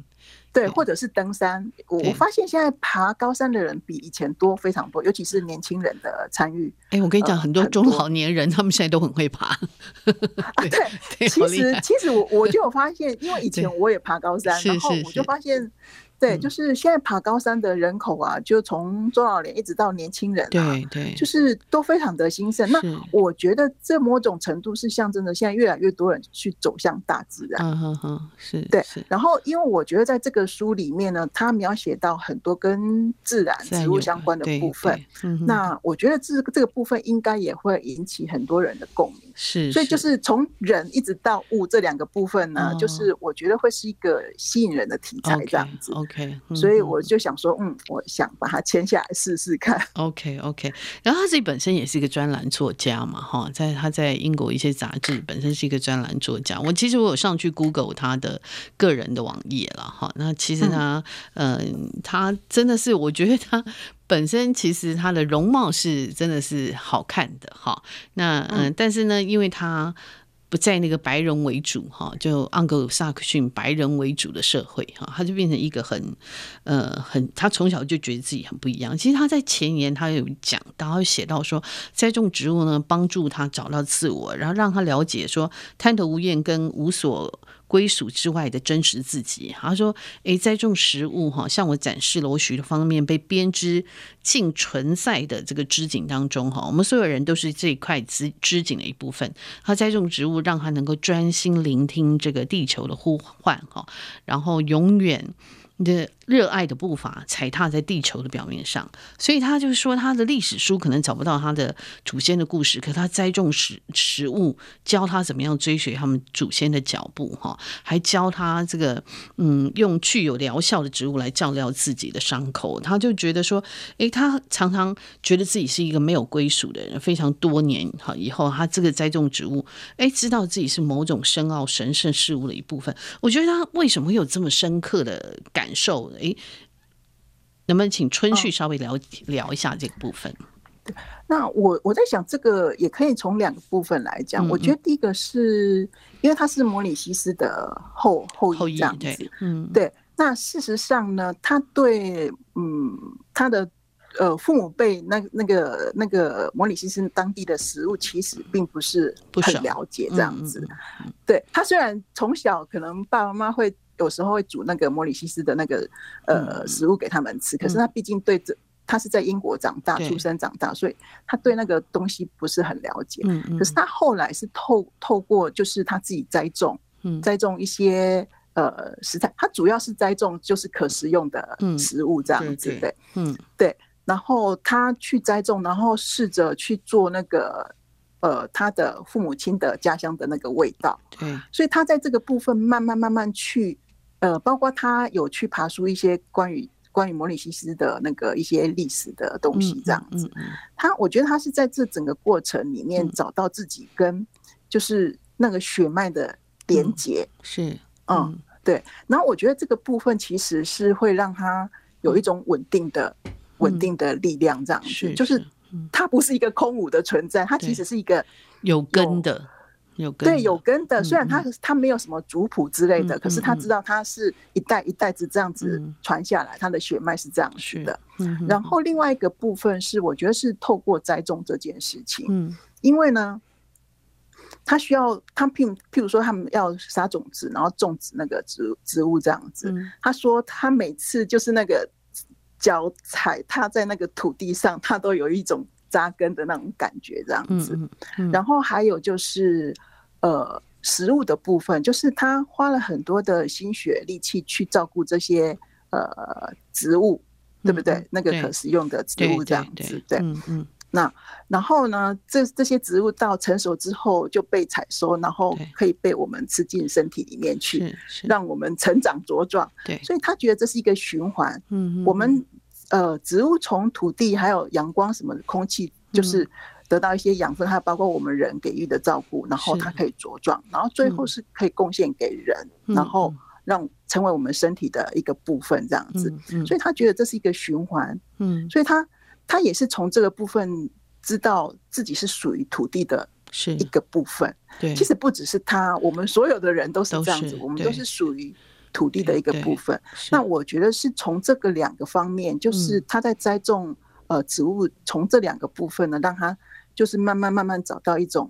對，或者是登山。我我發現現在爬高山的人比以前多非常多，尤其是年輕人的參與。哎、欸，我跟你講，呃，很多中老年人他們現在都很會爬。 啊，對，對，對，對，其實其實我我就有發現，因為以前我也爬高山，然後我就發現。對，就是現在爬高山的人口啊，就從中老年一直到年輕人、啊，對,對對，就是都非常的興盛。那我覺得這某種程度是象徵着現在越來越多人去走向大自然。嗯嗯嗯，是對是。然後，因為我覺得在這個書裡面呢，它描寫到很多跟自然植物相關的部分，對對對嗯、哼那我覺得這這個部分應該也會引起很多人的共鳴。是，所以就是從人一直到物這兩個部分呢、嗯，就是我覺得會是一個吸引人的題材這樣子。Okay, okay. Okay, 嗯、所以我就想說，嗯，我想把他簽下來試試看。OK，OK，okay, okay. 然後他自己本身也是一個專欄作家嘛，哈，在他在英國一些雜誌本身是一個專欄作家。我其實我有上去 Google 他的個人的網頁了，哈，那其實他，嗯，呃、他真的是，我覺得他本身其實他的容貌是真的是好看的，哈，那、呃、嗯，但是呢，因為他。不在那個白人為主哈，就盎格魯撒克遜白人為主的社會哈，他就變成一個很呃很，他從小就覺得自己很不一樣。其實他在前言他有講，然後寫到說栽種植物呢，幫助他找到自我，然後讓他了解說貪得無厭跟無所。歸屬之外的真實自己。他說：“哎，栽種食物哈，向我展示了我許多方面被編織進存在的這個織錦當中哈。我們所有人都是這一塊織織錦的一部分。好，栽種植物，讓他能夠專心聆聽這個地球的呼喚哈，然後永遠。”你的熱愛的步伐踩踏，在地球的表面上，所以他就是說，他的歷史書可能找不到他的祖先的故事，可是他栽種食食物，教他怎麼樣追隨他們祖先的腳步，哈，還教他這個，嗯，用具有療效的植物來照料自己的傷口。他就覺得說，誒、欸，他常常覺得自己是一個沒有歸屬的人。非常多年哈以後，他這個栽種植物，誒、欸，知道自己是某種深奧神聖事物的一部分。我覺得他為什麼會有這麼深刻的感？感受哎，能不能請春旭稍微聊、哦、聊一下這個部分？對，那我我在想，這個也可以從兩個部分來講。嗯、我覺得第一個是因為他是模里西斯的後後裔這樣子後裔，嗯，對。那事實上呢，他對嗯他的呃父母輩那個、那個那個模里西斯當地的食物其實並不是很了解這樣子。嗯嗯、對他雖然從小可能爸爸媽媽會。有時候會煮那個模里西斯的那個呃食物給他們吃，嗯嗯、可是他畢竟對這，他是在英國長大出生長大，所以他對那個東西不是很了解。嗯嗯、可是他後來是透透過就是他自己栽種，嗯，栽種一些呃食材，他主要是栽種就是可食用的食物這樣子、嗯、對，對。嗯對。然後他去栽種，然後試着去做那個呃他的父母親的家鄉的那個味道。對、嗯。所以他在這個部分慢慢慢慢去。呃，包括他有去爬梳一些關於關於模里西斯的那個一些歷史的東西，這樣子、嗯嗯。他我覺得他是在這整個過程裡面找到自己跟就是那個血脈的連結、嗯。是嗯，嗯，對。然後我覺得這個部分其實是會讓他有一種穩定的、穩、嗯、定的力量，這樣、嗯、是、是，就是它不是一個空無的存在，它其實是一個有、有根的。有根、啊、對有根的，雖然他他沒有什麼族譜之類的，嗯、可是他知道他是一代一代子這樣子傳下來，他、嗯、的血脈是這樣子的、嗯。然後另外一個部分是，我覺得是透過栽種這件事情，嗯、因為呢，他需要他譬譬如說，他們要撒種子，然後種植那個植植物這樣子。他說他每次就是那個腳踩踏在那個土地上，他都有一種。扎根的那種感覺，這樣子、嗯嗯。然後還有就是，呃，食物的部分，就是他花了很多的心血力氣去照顧這些呃植物、嗯，對不對、嗯？那個可食用的植物，這樣子。對，對對對嗯，嗯那然後呢，這這些植物到成熟之後就被採收，然後可以被我們吃進身體裡面去，讓我們成長茁壯。對，所以他覺得這是一個循環、嗯。嗯，我們。呃，植物從土地、還有陽光、什麼的空氣，就是得到一些養分，還、嗯、有包括我們人給予的照顧，然後它可以茁壯，然後最後是可以貢獻給人，嗯、然後讓成為我們身體的一個部分，這樣子。嗯嗯、所以他覺得這是一個循環。嗯。所以他他也是從這個部分知道自己是屬於土地的一個部分。對。其實不只是他，我們所有的人都是這樣子，我們都是屬於。土地的一個部分。對對，那我覺得是從這個兩個方面，是就是他在栽種呃植物，嗯呃、植物從這兩個部分呢，讓他就是慢慢慢慢找到一種，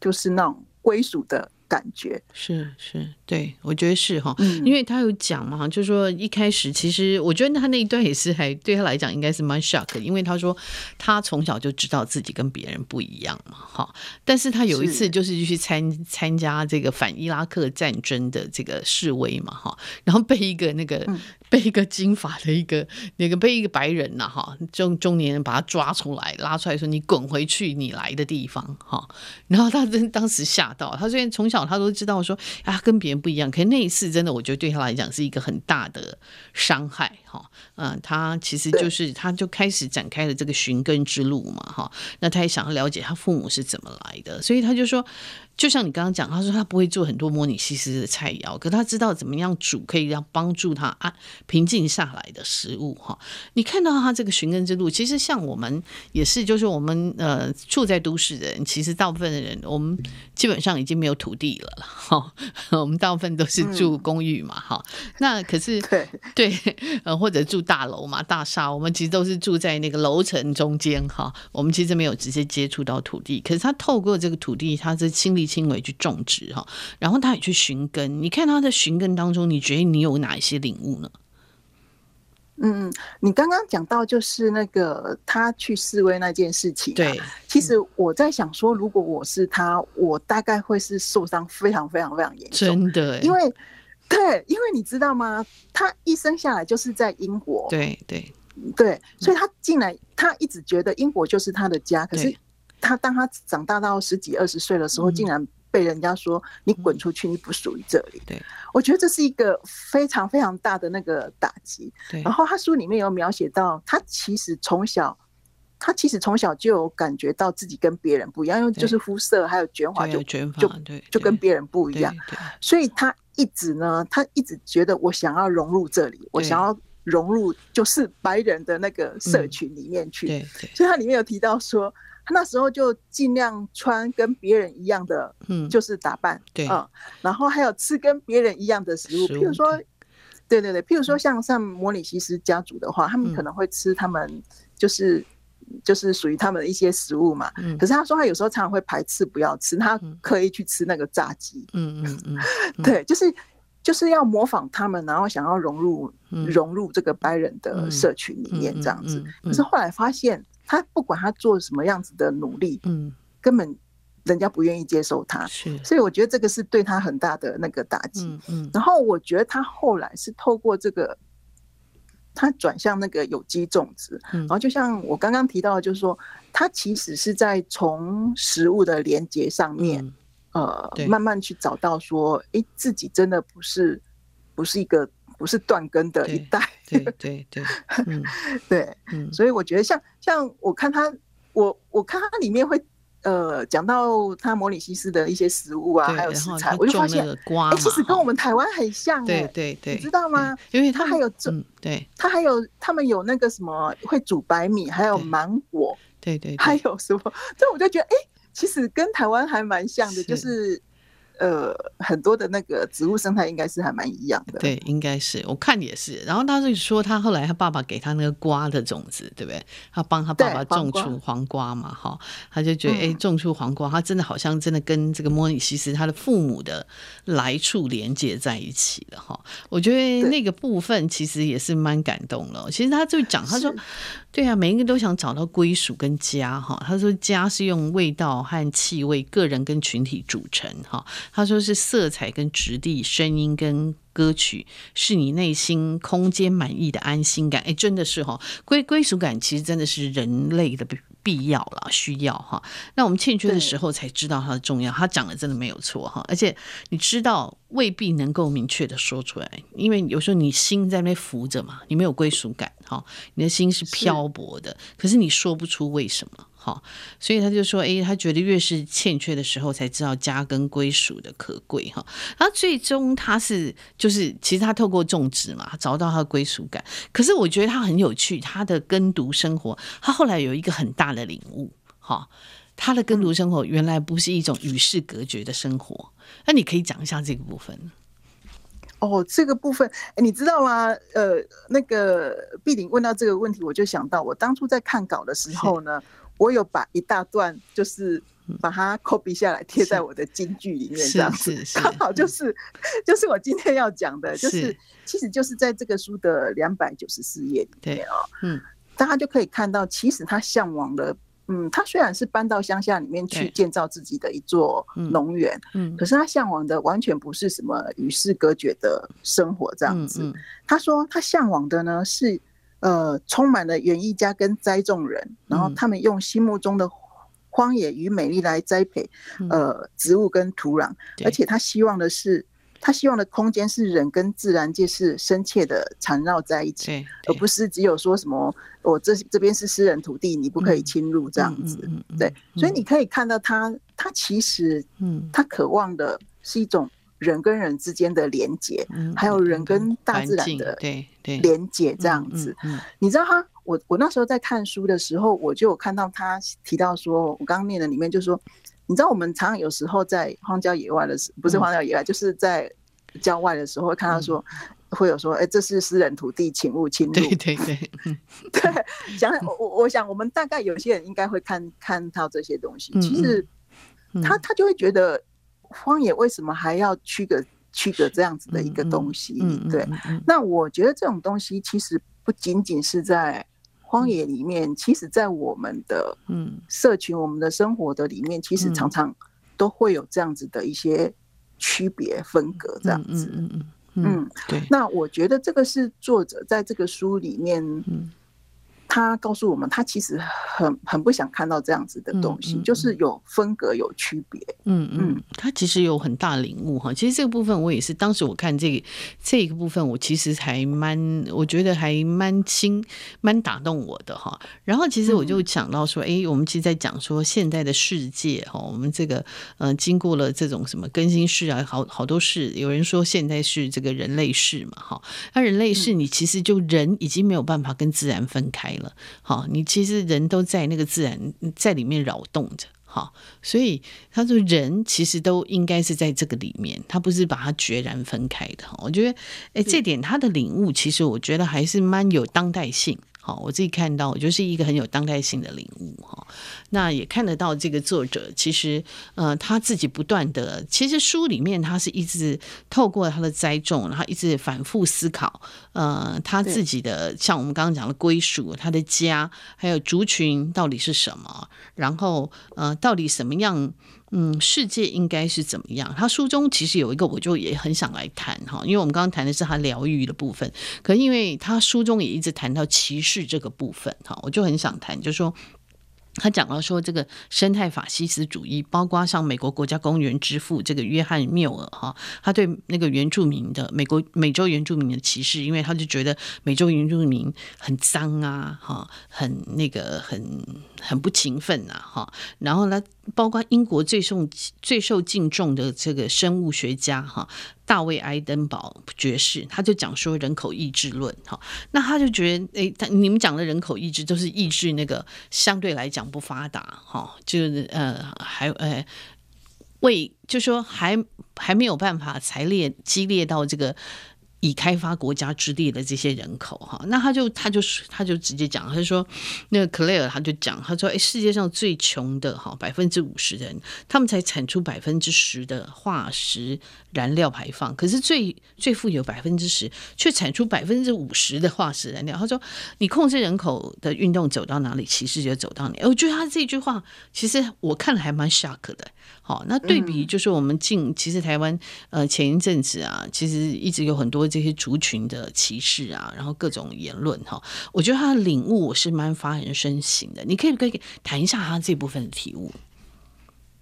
就是那種歸屬的。感覺是是，對，我覺得是哈，因為他有講嘛，嗯，就是說一開始其實我覺得他那一段也是還對他來講應該是蠻 shock 的，因為他說他從小就知道自己跟別人不一樣嘛，哈，但是他有一次就是去參是參加這個反伊拉克戰爭的這個示威嘛，哈，然後被一個那個。嗯被一個金髮的一個，那個被一個白人吶，哈，中中年人把他抓出來，拉出來說：“你滾回去，你來的地方，哈。”然後他真當時嚇到，他雖然從小他都知道說啊，跟別人不一樣，可是那一次真的，我覺得對他來講是一個很大的傷害，哈，嗯，他其實就是他就開始展開了這個尋根之路嘛，哈，那他也想要了解他父母是怎麼來的，所以他就說。就像你剛剛講，他說他不會做很多模里西斯的菜餚，可他知道怎麼樣煮可以讓幫助他啊平靜下來的食物哈。你看到他這個尋根之路，其實像我們也是，就是我們呃住在都市的人，其實大部分的人，我們基本上已經沒有土地了哈。我們大部分都是住公寓嘛哈、嗯。那可是對對呃或者住大樓嘛大廈，我們其實都是住在那個樓層中間哈。我們其實沒有直接接觸到土地，可是他透過這個土地，他的心理。輕為去種植哈，然後他也去尋根。你看他在尋根當中，你覺得你有哪一些領悟呢？嗯嗯，你剛剛講到就是那個他去示威那件事情啊，對，其實我在想說，如果我是他，我大概會是受傷非常非常非常嚴重，真的，因為對，因為你知道嗎？他一生下來就是在英國，對對對，所以他進來，他一直覺得英國就是他的家，可是。他當他長大到十幾二十歲的時候，竟然被人家說“你滾出去，你不屬於這裡”。對。我覺得這是一個非常非常大的那個打擊。然後他書裡面有描寫到，他其實從小，他其實從小就有感覺到自己跟別人不一樣，因為就是膚色還有卷髮，就就就跟別人不一樣。對。所以他一直呢，他一直覺得我想要融入這裡，我想要融入就是白人的那個社群裡面去。所以他裡面有提到說。他那時候就盡量穿跟別人一樣的，嗯，就是打扮，嗯、對啊、嗯，然後還有吃跟別人一樣的食物，食物，譬如說，對對對，譬如說像像模里西斯家族的話，嗯、他們可能會吃他們就是就是屬於他們的一些食物嘛、嗯，可是他說他有時候常常會排斥不要吃，他刻意去吃那個炸雞，嗯嗯，嗯嗯 對，就是就是要模仿他們，然後想要融入、嗯、融入這個白人的社群裡面這樣子，嗯嗯嗯嗯、可是後來發現。他不管他做什麼樣子的努力，嗯，根本人家不願意接受他，是，所以我覺得這個是對他很大的那個打擊，嗯，嗯，然後我覺得他後來是透過這個，他轉向那個有機種植，嗯，然後就像我剛剛提到的，就是說他其實是在從食物的連接上面，嗯，呃，慢慢去找到說，誒，欸，自己真的不是，不是一個。不是斷根的一代，對對對對， 對，嗯，所以我覺得像像我看他，我我看他裡面會呃講到他模里西斯的一些食物啊，還有食材，我就發現，哎、欸，其實跟我們台灣很像，欸，對對對對，你知道嗎？因為他還有這，對他還有他們有，有那個什麼會煮白米，還有芒果，對對，對對，還有什麼？所以我就覺得，哎、欸，其實跟台灣還蠻像的，就是。呃，很多的那個植物生態應該是還蠻一樣的，對，應該是我看也是。然後他就說，他後來他爸爸給他那個瓜的種子，對不對？他幫他爸爸種出黃瓜嘛，哈、哦，他就覺得哎，種出黃瓜，他真的好像真的跟這個模里西斯其實他的父母的來處連接在一起了，哈、哦。我覺得那個部分其實也是蠻感動了。其實他就講，他說，對啊，每一個都想找到歸屬跟家，哈、哦。他說家是用味道和氣味，個人跟群體組成，哈、哦。他說是色彩跟質地、聲音跟歌曲，是你內心空間滿意的安心感。哎、欸，真的是哈，歸歸屬感其實真的是人類的必要啦，需要哈。那我們欠缺的時候才知道它的重要。他講的真的沒有錯哈，而且你知道未必能夠明確的說出來，因為有時候你心在那邊浮着嘛，你沒有歸屬感哈，你的心是漂泊的，可是你說不出為什麼。好，所以他就說：“哎、欸，他覺得越是欠缺的時候，才知道家跟歸屬的可貴。”哈，然後最終他是就是，其實他透過種植嘛，找到他的歸屬感。可是我覺得他很有趣，他的耕讀生活，他後來有一個很大的領悟。哈，他的耕讀生活原來不是一種與世隔絕的生活。那你可以講一下這個部分？哦，這個部分哎，你知道嗎？呃，那個碧玲問到這個問題，我就想到我當初在看稿的時候呢。我有把一大段，就是把它 copy 下來貼在我的金句裡面，這樣子剛好就是，就是我今天要講的，就是其實就是在這個書的兩百九十四頁裡面哦。嗯，大家就可以看到，其實他嚮往的，嗯，他雖然是搬到鄉下裡面去建造自己的一座農園，嗯，可是他嚮往的完全不是什麼與世隔絕的生活，這樣子。他說他嚮往的呢是。呃，充滿了園藝家跟栽種人，然後他們用心目中的荒野與美麗來栽培、嗯、呃植物跟土壤、嗯，而且他希望的是，他希望的空間是人跟自然界是深切的纏繞在一起，而不是只有說什麼我、哦、這這邊是私人土地，你不可以侵入這樣子。嗯、對、嗯嗯，所以你可以看到他，他其實嗯，他渴望的是一種。人跟人之間的連接，還有人跟大自然的連接。這樣子。嗯嗯嗯、你知道哈，我我那時候在看書的時候，我就有看到他提到說，我剛剛念的裡面就是說，你知道我們常常有時候在荒郊野外的時候，不是荒郊野外，嗯、就是在郊外的時候，看到說、嗯、會有說，哎，這是私人土地，請勿侵入。對對對，嗯、 對。想我，我想我們大概有些人應該會看看到這些東西。嗯、其實他、嗯、他就會覺得。荒野為什麼還要區隔區隔這樣子的一個東西、嗯嗯嗯？對，那我覺得這種東西其實不僅僅是在荒野裡面，嗯、其實在我們的嗯社群嗯、我們的生活的裡面，其實常常都會有這樣子的一些區別、分隔這樣子。嗯，嗯，嗯，嗯，嗯對。那我覺得這個是作者在這個書裡面。嗯他告訴我們，他其實很很不想看到這樣子的東西，嗯嗯、就是有分隔有區別。嗯嗯，他其實有很大領悟哈。其實這個部分我也是，當時我看這個這一個部分，我其實還蠻我覺得還蠻輕，蠻打動我的哈。然後其實我就想到說，哎、嗯欸，我們其實在講說現在的世界哈，我們這個、呃、經過了這種什麼更新世啊，好好多世，有人說現在是這個人類世嘛哈。那、啊、人類世，你其實就人已經沒有辦法跟自然分開了。好，你其實人都在那個自然在裡面擾動着，好，所以他說人其實都應該是在這個裡面，他不是把它決然分開的。我覺得，欸，這點他的領悟其實我覺得還是蠻有當代性。好，我自己看到，我覺得是一個很有當代性的領悟哈。那也看得到這個作者，其實呃，他自己不斷的，其實書裡面他是一直透過他的栽種，然後他一直反覆思考，呃，他自己的像我們剛剛講的歸屬，他的家，還有族群到底是什麼，然後呃，到底什麼樣。嗯，世界應該是怎麼樣？他書中其實有一個，我就也很想來談哈，因為我們剛剛談的是他療癒的部分，可是因為他書中也一直談到歧視這個部分哈，我就很想談，就說他講到說這個生態法西斯主義，包括像美國國家公園之父這個約翰繆爾哈，Miel, 他對那個原住民的美國美洲原住民的歧視，因為他就覺得美洲原住民很髒啊哈，很那個很。很不勤奮吶，哈。然後呢，包括英國最受最受敬重的這個生物學家哈，大衛埃登堡爵士，他就講說人口抑制論哈。那他就覺得，哎，你們講的人口抑制都是抑制那個相對來講不發達哈，就是呃，還呃，為就說還還沒有辦法才列激烈到這個。以開發國家之地的這些人口，哈，那他就他就他就，他就直接講，他就說，那個克萊爾他就講，他說，誒、哎，世界上最窮的哈百分之五十人，他們才產出百分之十的化石燃料排放，可是最最富有百分之十，卻產出百分之五十的化石燃料。他說，你控制人口的運動走到哪裡，其實就走到你。我覺得他這句話，其實我看了還蠻 shock 的。那對比就是我們近、嗯、其實台灣呃前一陣子啊，其實一直有很多這些族群的歧視啊，然後各種言論哈。我覺得他的領悟我是蠻發人深省的。你可以可以談一下他這部分的體悟。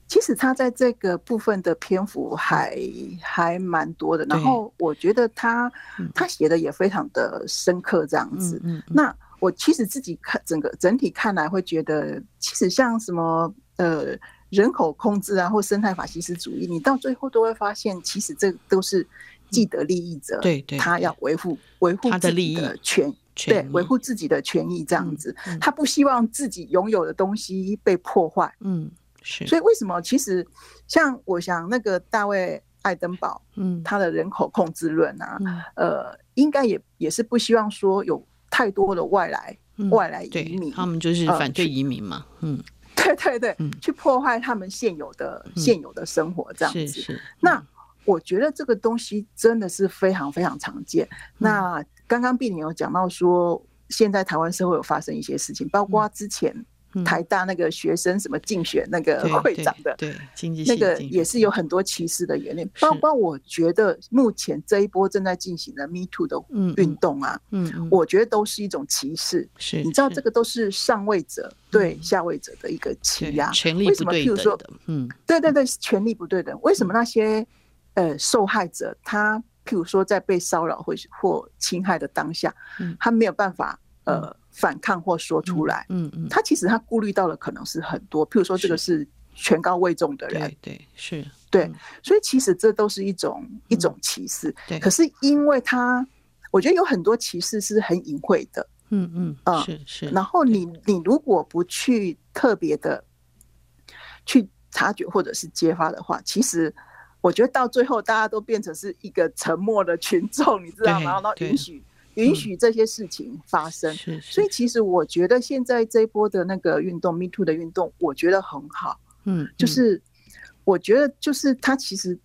其實他在這個部分的篇幅還、嗯、還蠻多的，然後我覺得他、嗯、他寫的也非常的深刻這樣子。嗯嗯嗯，那我其實自己看整個整體看來會覺得，其實像什麼呃。人口控制，啊，或生態法西斯主義，你到最後都會發現，其實這都是既得利益者。嗯、對對，他要維護維護他的利益權，對，維護自己的權益這樣子，嗯嗯、他不希望自己擁有的東西被破壞。嗯，是。所以為什麼其實像我想那個大衛愛登堡，嗯，他的人口控制論啊、嗯，呃，應該也也是不希望說有太多的外來、嗯、外來移民、嗯，他們就是反對移民嘛。呃、嗯。對對對，嗯、去破壞他們現有的、嗯、現有的生活這樣子是是、嗯。那我覺得這個東西真的是非常非常常見。嗯、那剛剛碧玲有講到說，現在台灣社會有發生一些事情，嗯、包括之前。嗯、台大那個學生什麼競選那個會長的，對那個也是有很多歧視的原因包，包括我覺得目前這一波正在進行的 Me Too 的運動啊，嗯，我覺得都是一種歧視。是你知道這個都是上位者對下位者的一個欺壓，權力不對等的。嗯，對對對，權力不對等。為什麼那些呃受害者他譬如說在被騷擾或或侵害的當下，他沒有辦法呃。反抗或說出來，嗯嗯，嗯，他其實他顧慮到的可能是很多，譬如說，這個是權高位重的人，對，對，是，對、嗯，所以其實這都是一種一種歧視、嗯，可是因為他，我覺得有很多歧視是很隱晦的，嗯嗯，嗯、呃、是是。然後你你如果不去特別的去察覺或者是揭發的話，其實我覺得到最後大家都變成是一個沉默的群眾，你知道嗎？然後，然後允許。允許這些事情發生，嗯、是是是，所以其實我覺得現在這波的那個運動 “Me Too” 的運動，嗯、是是是我覺得很好。嗯，就是我覺得就是它其實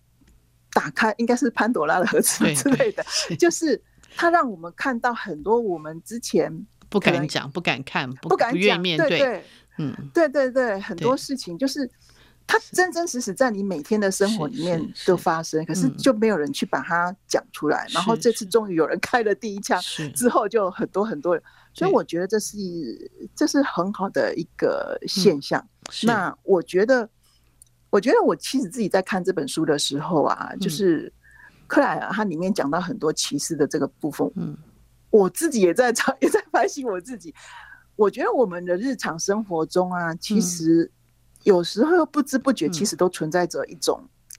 打開應該是潘朵拉的盒子之類的，對對對，是就是它讓我們看到很多我們之前不敢講、不敢看、不、不敢不願面對，對、對、嗯，對對對，很多事情就是。它真真實實在你每天的生活裡面都發生，是是是，可是就沒有人去把它講出來。嗯、然後這次終於有人開了第一槍，是是，之後就很多很多人。是是，所以我覺得這是這是很好的一個現象。嗯、那我覺得，是是我覺得我其實自己在看這本書的時候啊，嗯、就是克萊爾、啊、他裡面講到很多歧視的這個部分，嗯，我自己也在在也在反省我自己。我覺得我們的日常生活中啊，其實、嗯。有時候不知不覺，其實都存在着一種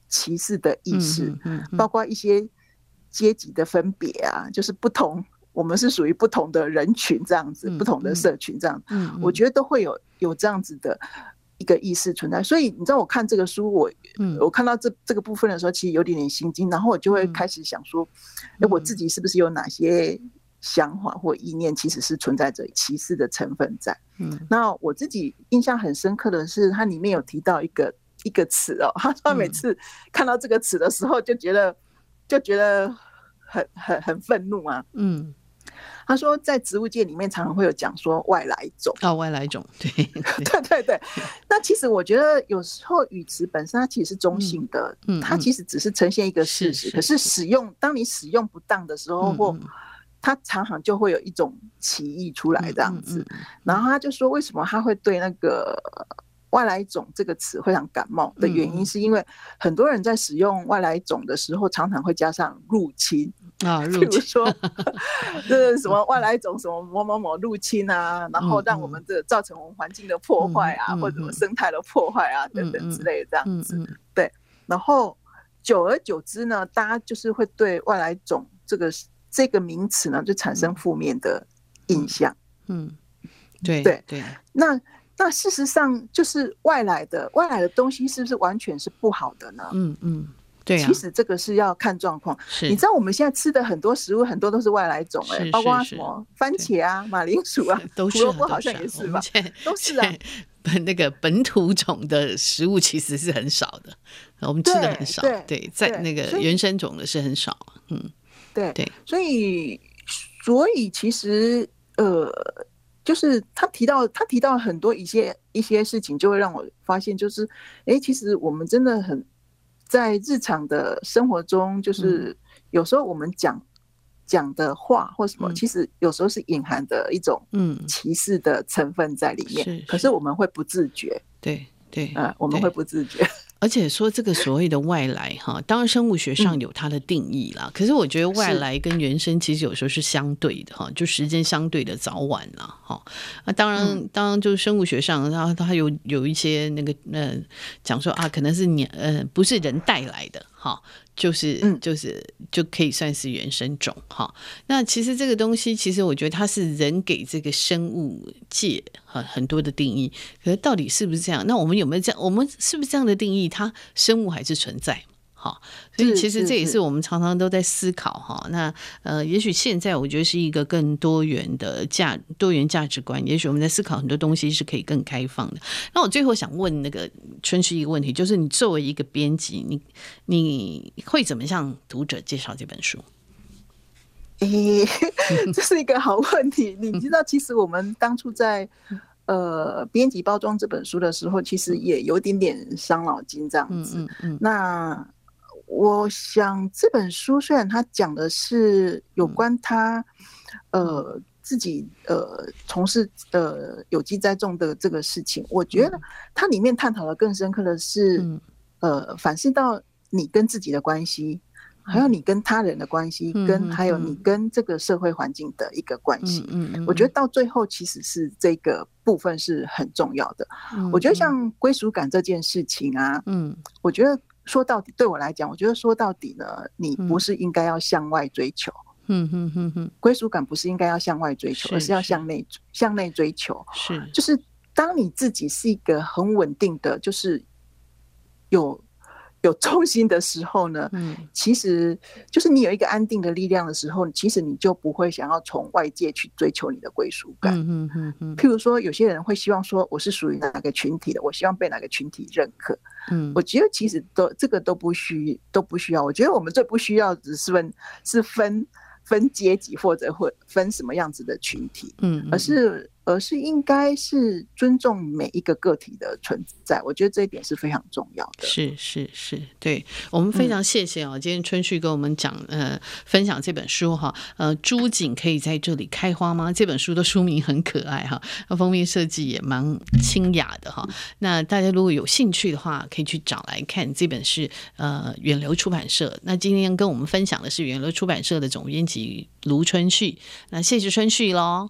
歧視的意識，包括一些階級的分別啊，就是不同，我們是屬於不同的人群，這樣子，不同的社群，這樣，我覺得都會有有這樣子的一個意識存在。所以你知道，我看這個書，我我看到這這個部分的時候，其實有點點心驚，然後我就會開始想說，哎，我自己是不是有哪些？想法或意念其實是存在着歧視的成分在。嗯，那我自己印象很深刻的是，它裡面有提到一個一個詞哦、喔，他說它每次看到這個詞的時候，就覺得、嗯，就覺得很很很憤怒啊。嗯，他說在植物界裡面常常會有講說外來種。到、啊、外來種。對對對 對，對，對。 那其實我覺得有時候語詞本身它其實是中性的、嗯嗯嗯，它其實只是呈現一個事實。是是可是使用當你使用不當的時候、嗯、或。他常常就會有一種歧義出來這樣子，然後他就說，為什麼他會對那個外來種這個詞非常感冒的原因，是因為很多人在使用外來種的時候，常常會加上入侵啊， 比如說是什麼外來種什麼某某某入侵啊，然後讓我們這個造成我們環境的破壞啊，或者什麼生態的破壞啊等等之類的這樣子。對，然後久而久之呢，大家就是會對外來種這個。這個名詞呢，就產生負面的印象。嗯，對對對。那那事實上，就是外來的外來的東西，是不是完全是不好的呢？嗯嗯，對、啊。其實這個是要看狀況。是，你知道我們現在吃的很多食物，很多都是外來種、欸，包括什麼是是是番茄啊、馬鈴薯啊都是，胡蘿蔔好像也是吧，都是啊。都是本那個本土種的食物其實是很少的，我們吃的很少對。對，在那個原生種的是很少。嗯。對對，所以所以其實呃，就是他提到他提到很多一些一些事情，就會讓我發現，就是哎、欸，其實我們真的很在日常的生活中，就是有時候我們講講、嗯、的話或什麼、嗯，其實有時候是隱含的一種嗯歧視的成分在裡面、嗯是是。可是我們會不自覺，對對啊、呃，我們會不自覺。而且說這個所謂的外來哈，當然生物學上有它的定義啦，嗯。可是我覺得外來跟原生其實有時候是相對的哈，就時間相對的早晚啦，哈。那當然，當然就是生物學上，它它有有一些那個呃，講說啊，可能是你，呃不是人帶來的。好，就是就是、嗯、就可以算是原生種哈。那其實這個東西，其實我覺得它是人給這個生物界很很多的定義。可是到底是不是這樣？那我們有沒有這樣？我們是不是這樣的定義？它生物還是存在？所以其實這也是我們常常都在思考哈。是是是那呃，也許現在我覺得是一個更多元的價多元價值觀，也許我們在思考很多東西是可以更開放的。那我最後想問那個春旭一個問題，就是你作為一個編輯，你你會怎麼向讀者介紹這本書？欸，這是一個好問題。 你知道，其實我們當初在呃編輯包裝這本書的時候，其實也有點點傷腦筋這樣子。嗯嗯嗯那我想這本書雖然它講的是有關他，呃，自己呃從事呃有機栽種的這個事情，我覺得它裡面探討的更深刻的是，呃，反思到你跟自己的關係，還有你跟他人的關係，跟還有你跟這個社會環境的一個關係。我覺得到最後其實是這個部分是很重要的。我覺得像歸屬感這件事情啊，嗯，我覺得。說到底，對我來講，我覺得說到底呢，你不是應該要向外追求，嗯、嗯、嗯、嗯、歸屬感不是應該要向外追求，是，而是要向內向內追求，是，就是當你自己是一個很穩定的，就是有。有重心的時候呢，嗯，其實就是你有一個安定的力量的時候，其實你就不會想要從外界去追求你的歸屬感。嗯嗯嗯，譬如說，有些人會希望說我是屬於哪個群體的，我希望被哪個群體認可。嗯，我覺得其實都這個都不需都不需要。我覺得我們最不需要只是分是分分階級或者或分什麼樣子的群體。嗯，嗯，而是。而是應該是尊重每一個個體的存在，我覺得這一點是非常重要的。是是是，對，我們非常謝謝啊！今天春旭給我們講呃，分享這本書哈，呃，朱槿可以在這裡開花嗎？這本書的書名很可愛哈，封面設計也蠻清雅的哈，嗯。那大家如果有興趣的話，可以去找來看。這本是呃遠流出版社。那今天跟我們分享的是遠流出版社的總編輯盧春旭。那謝謝春旭嘍。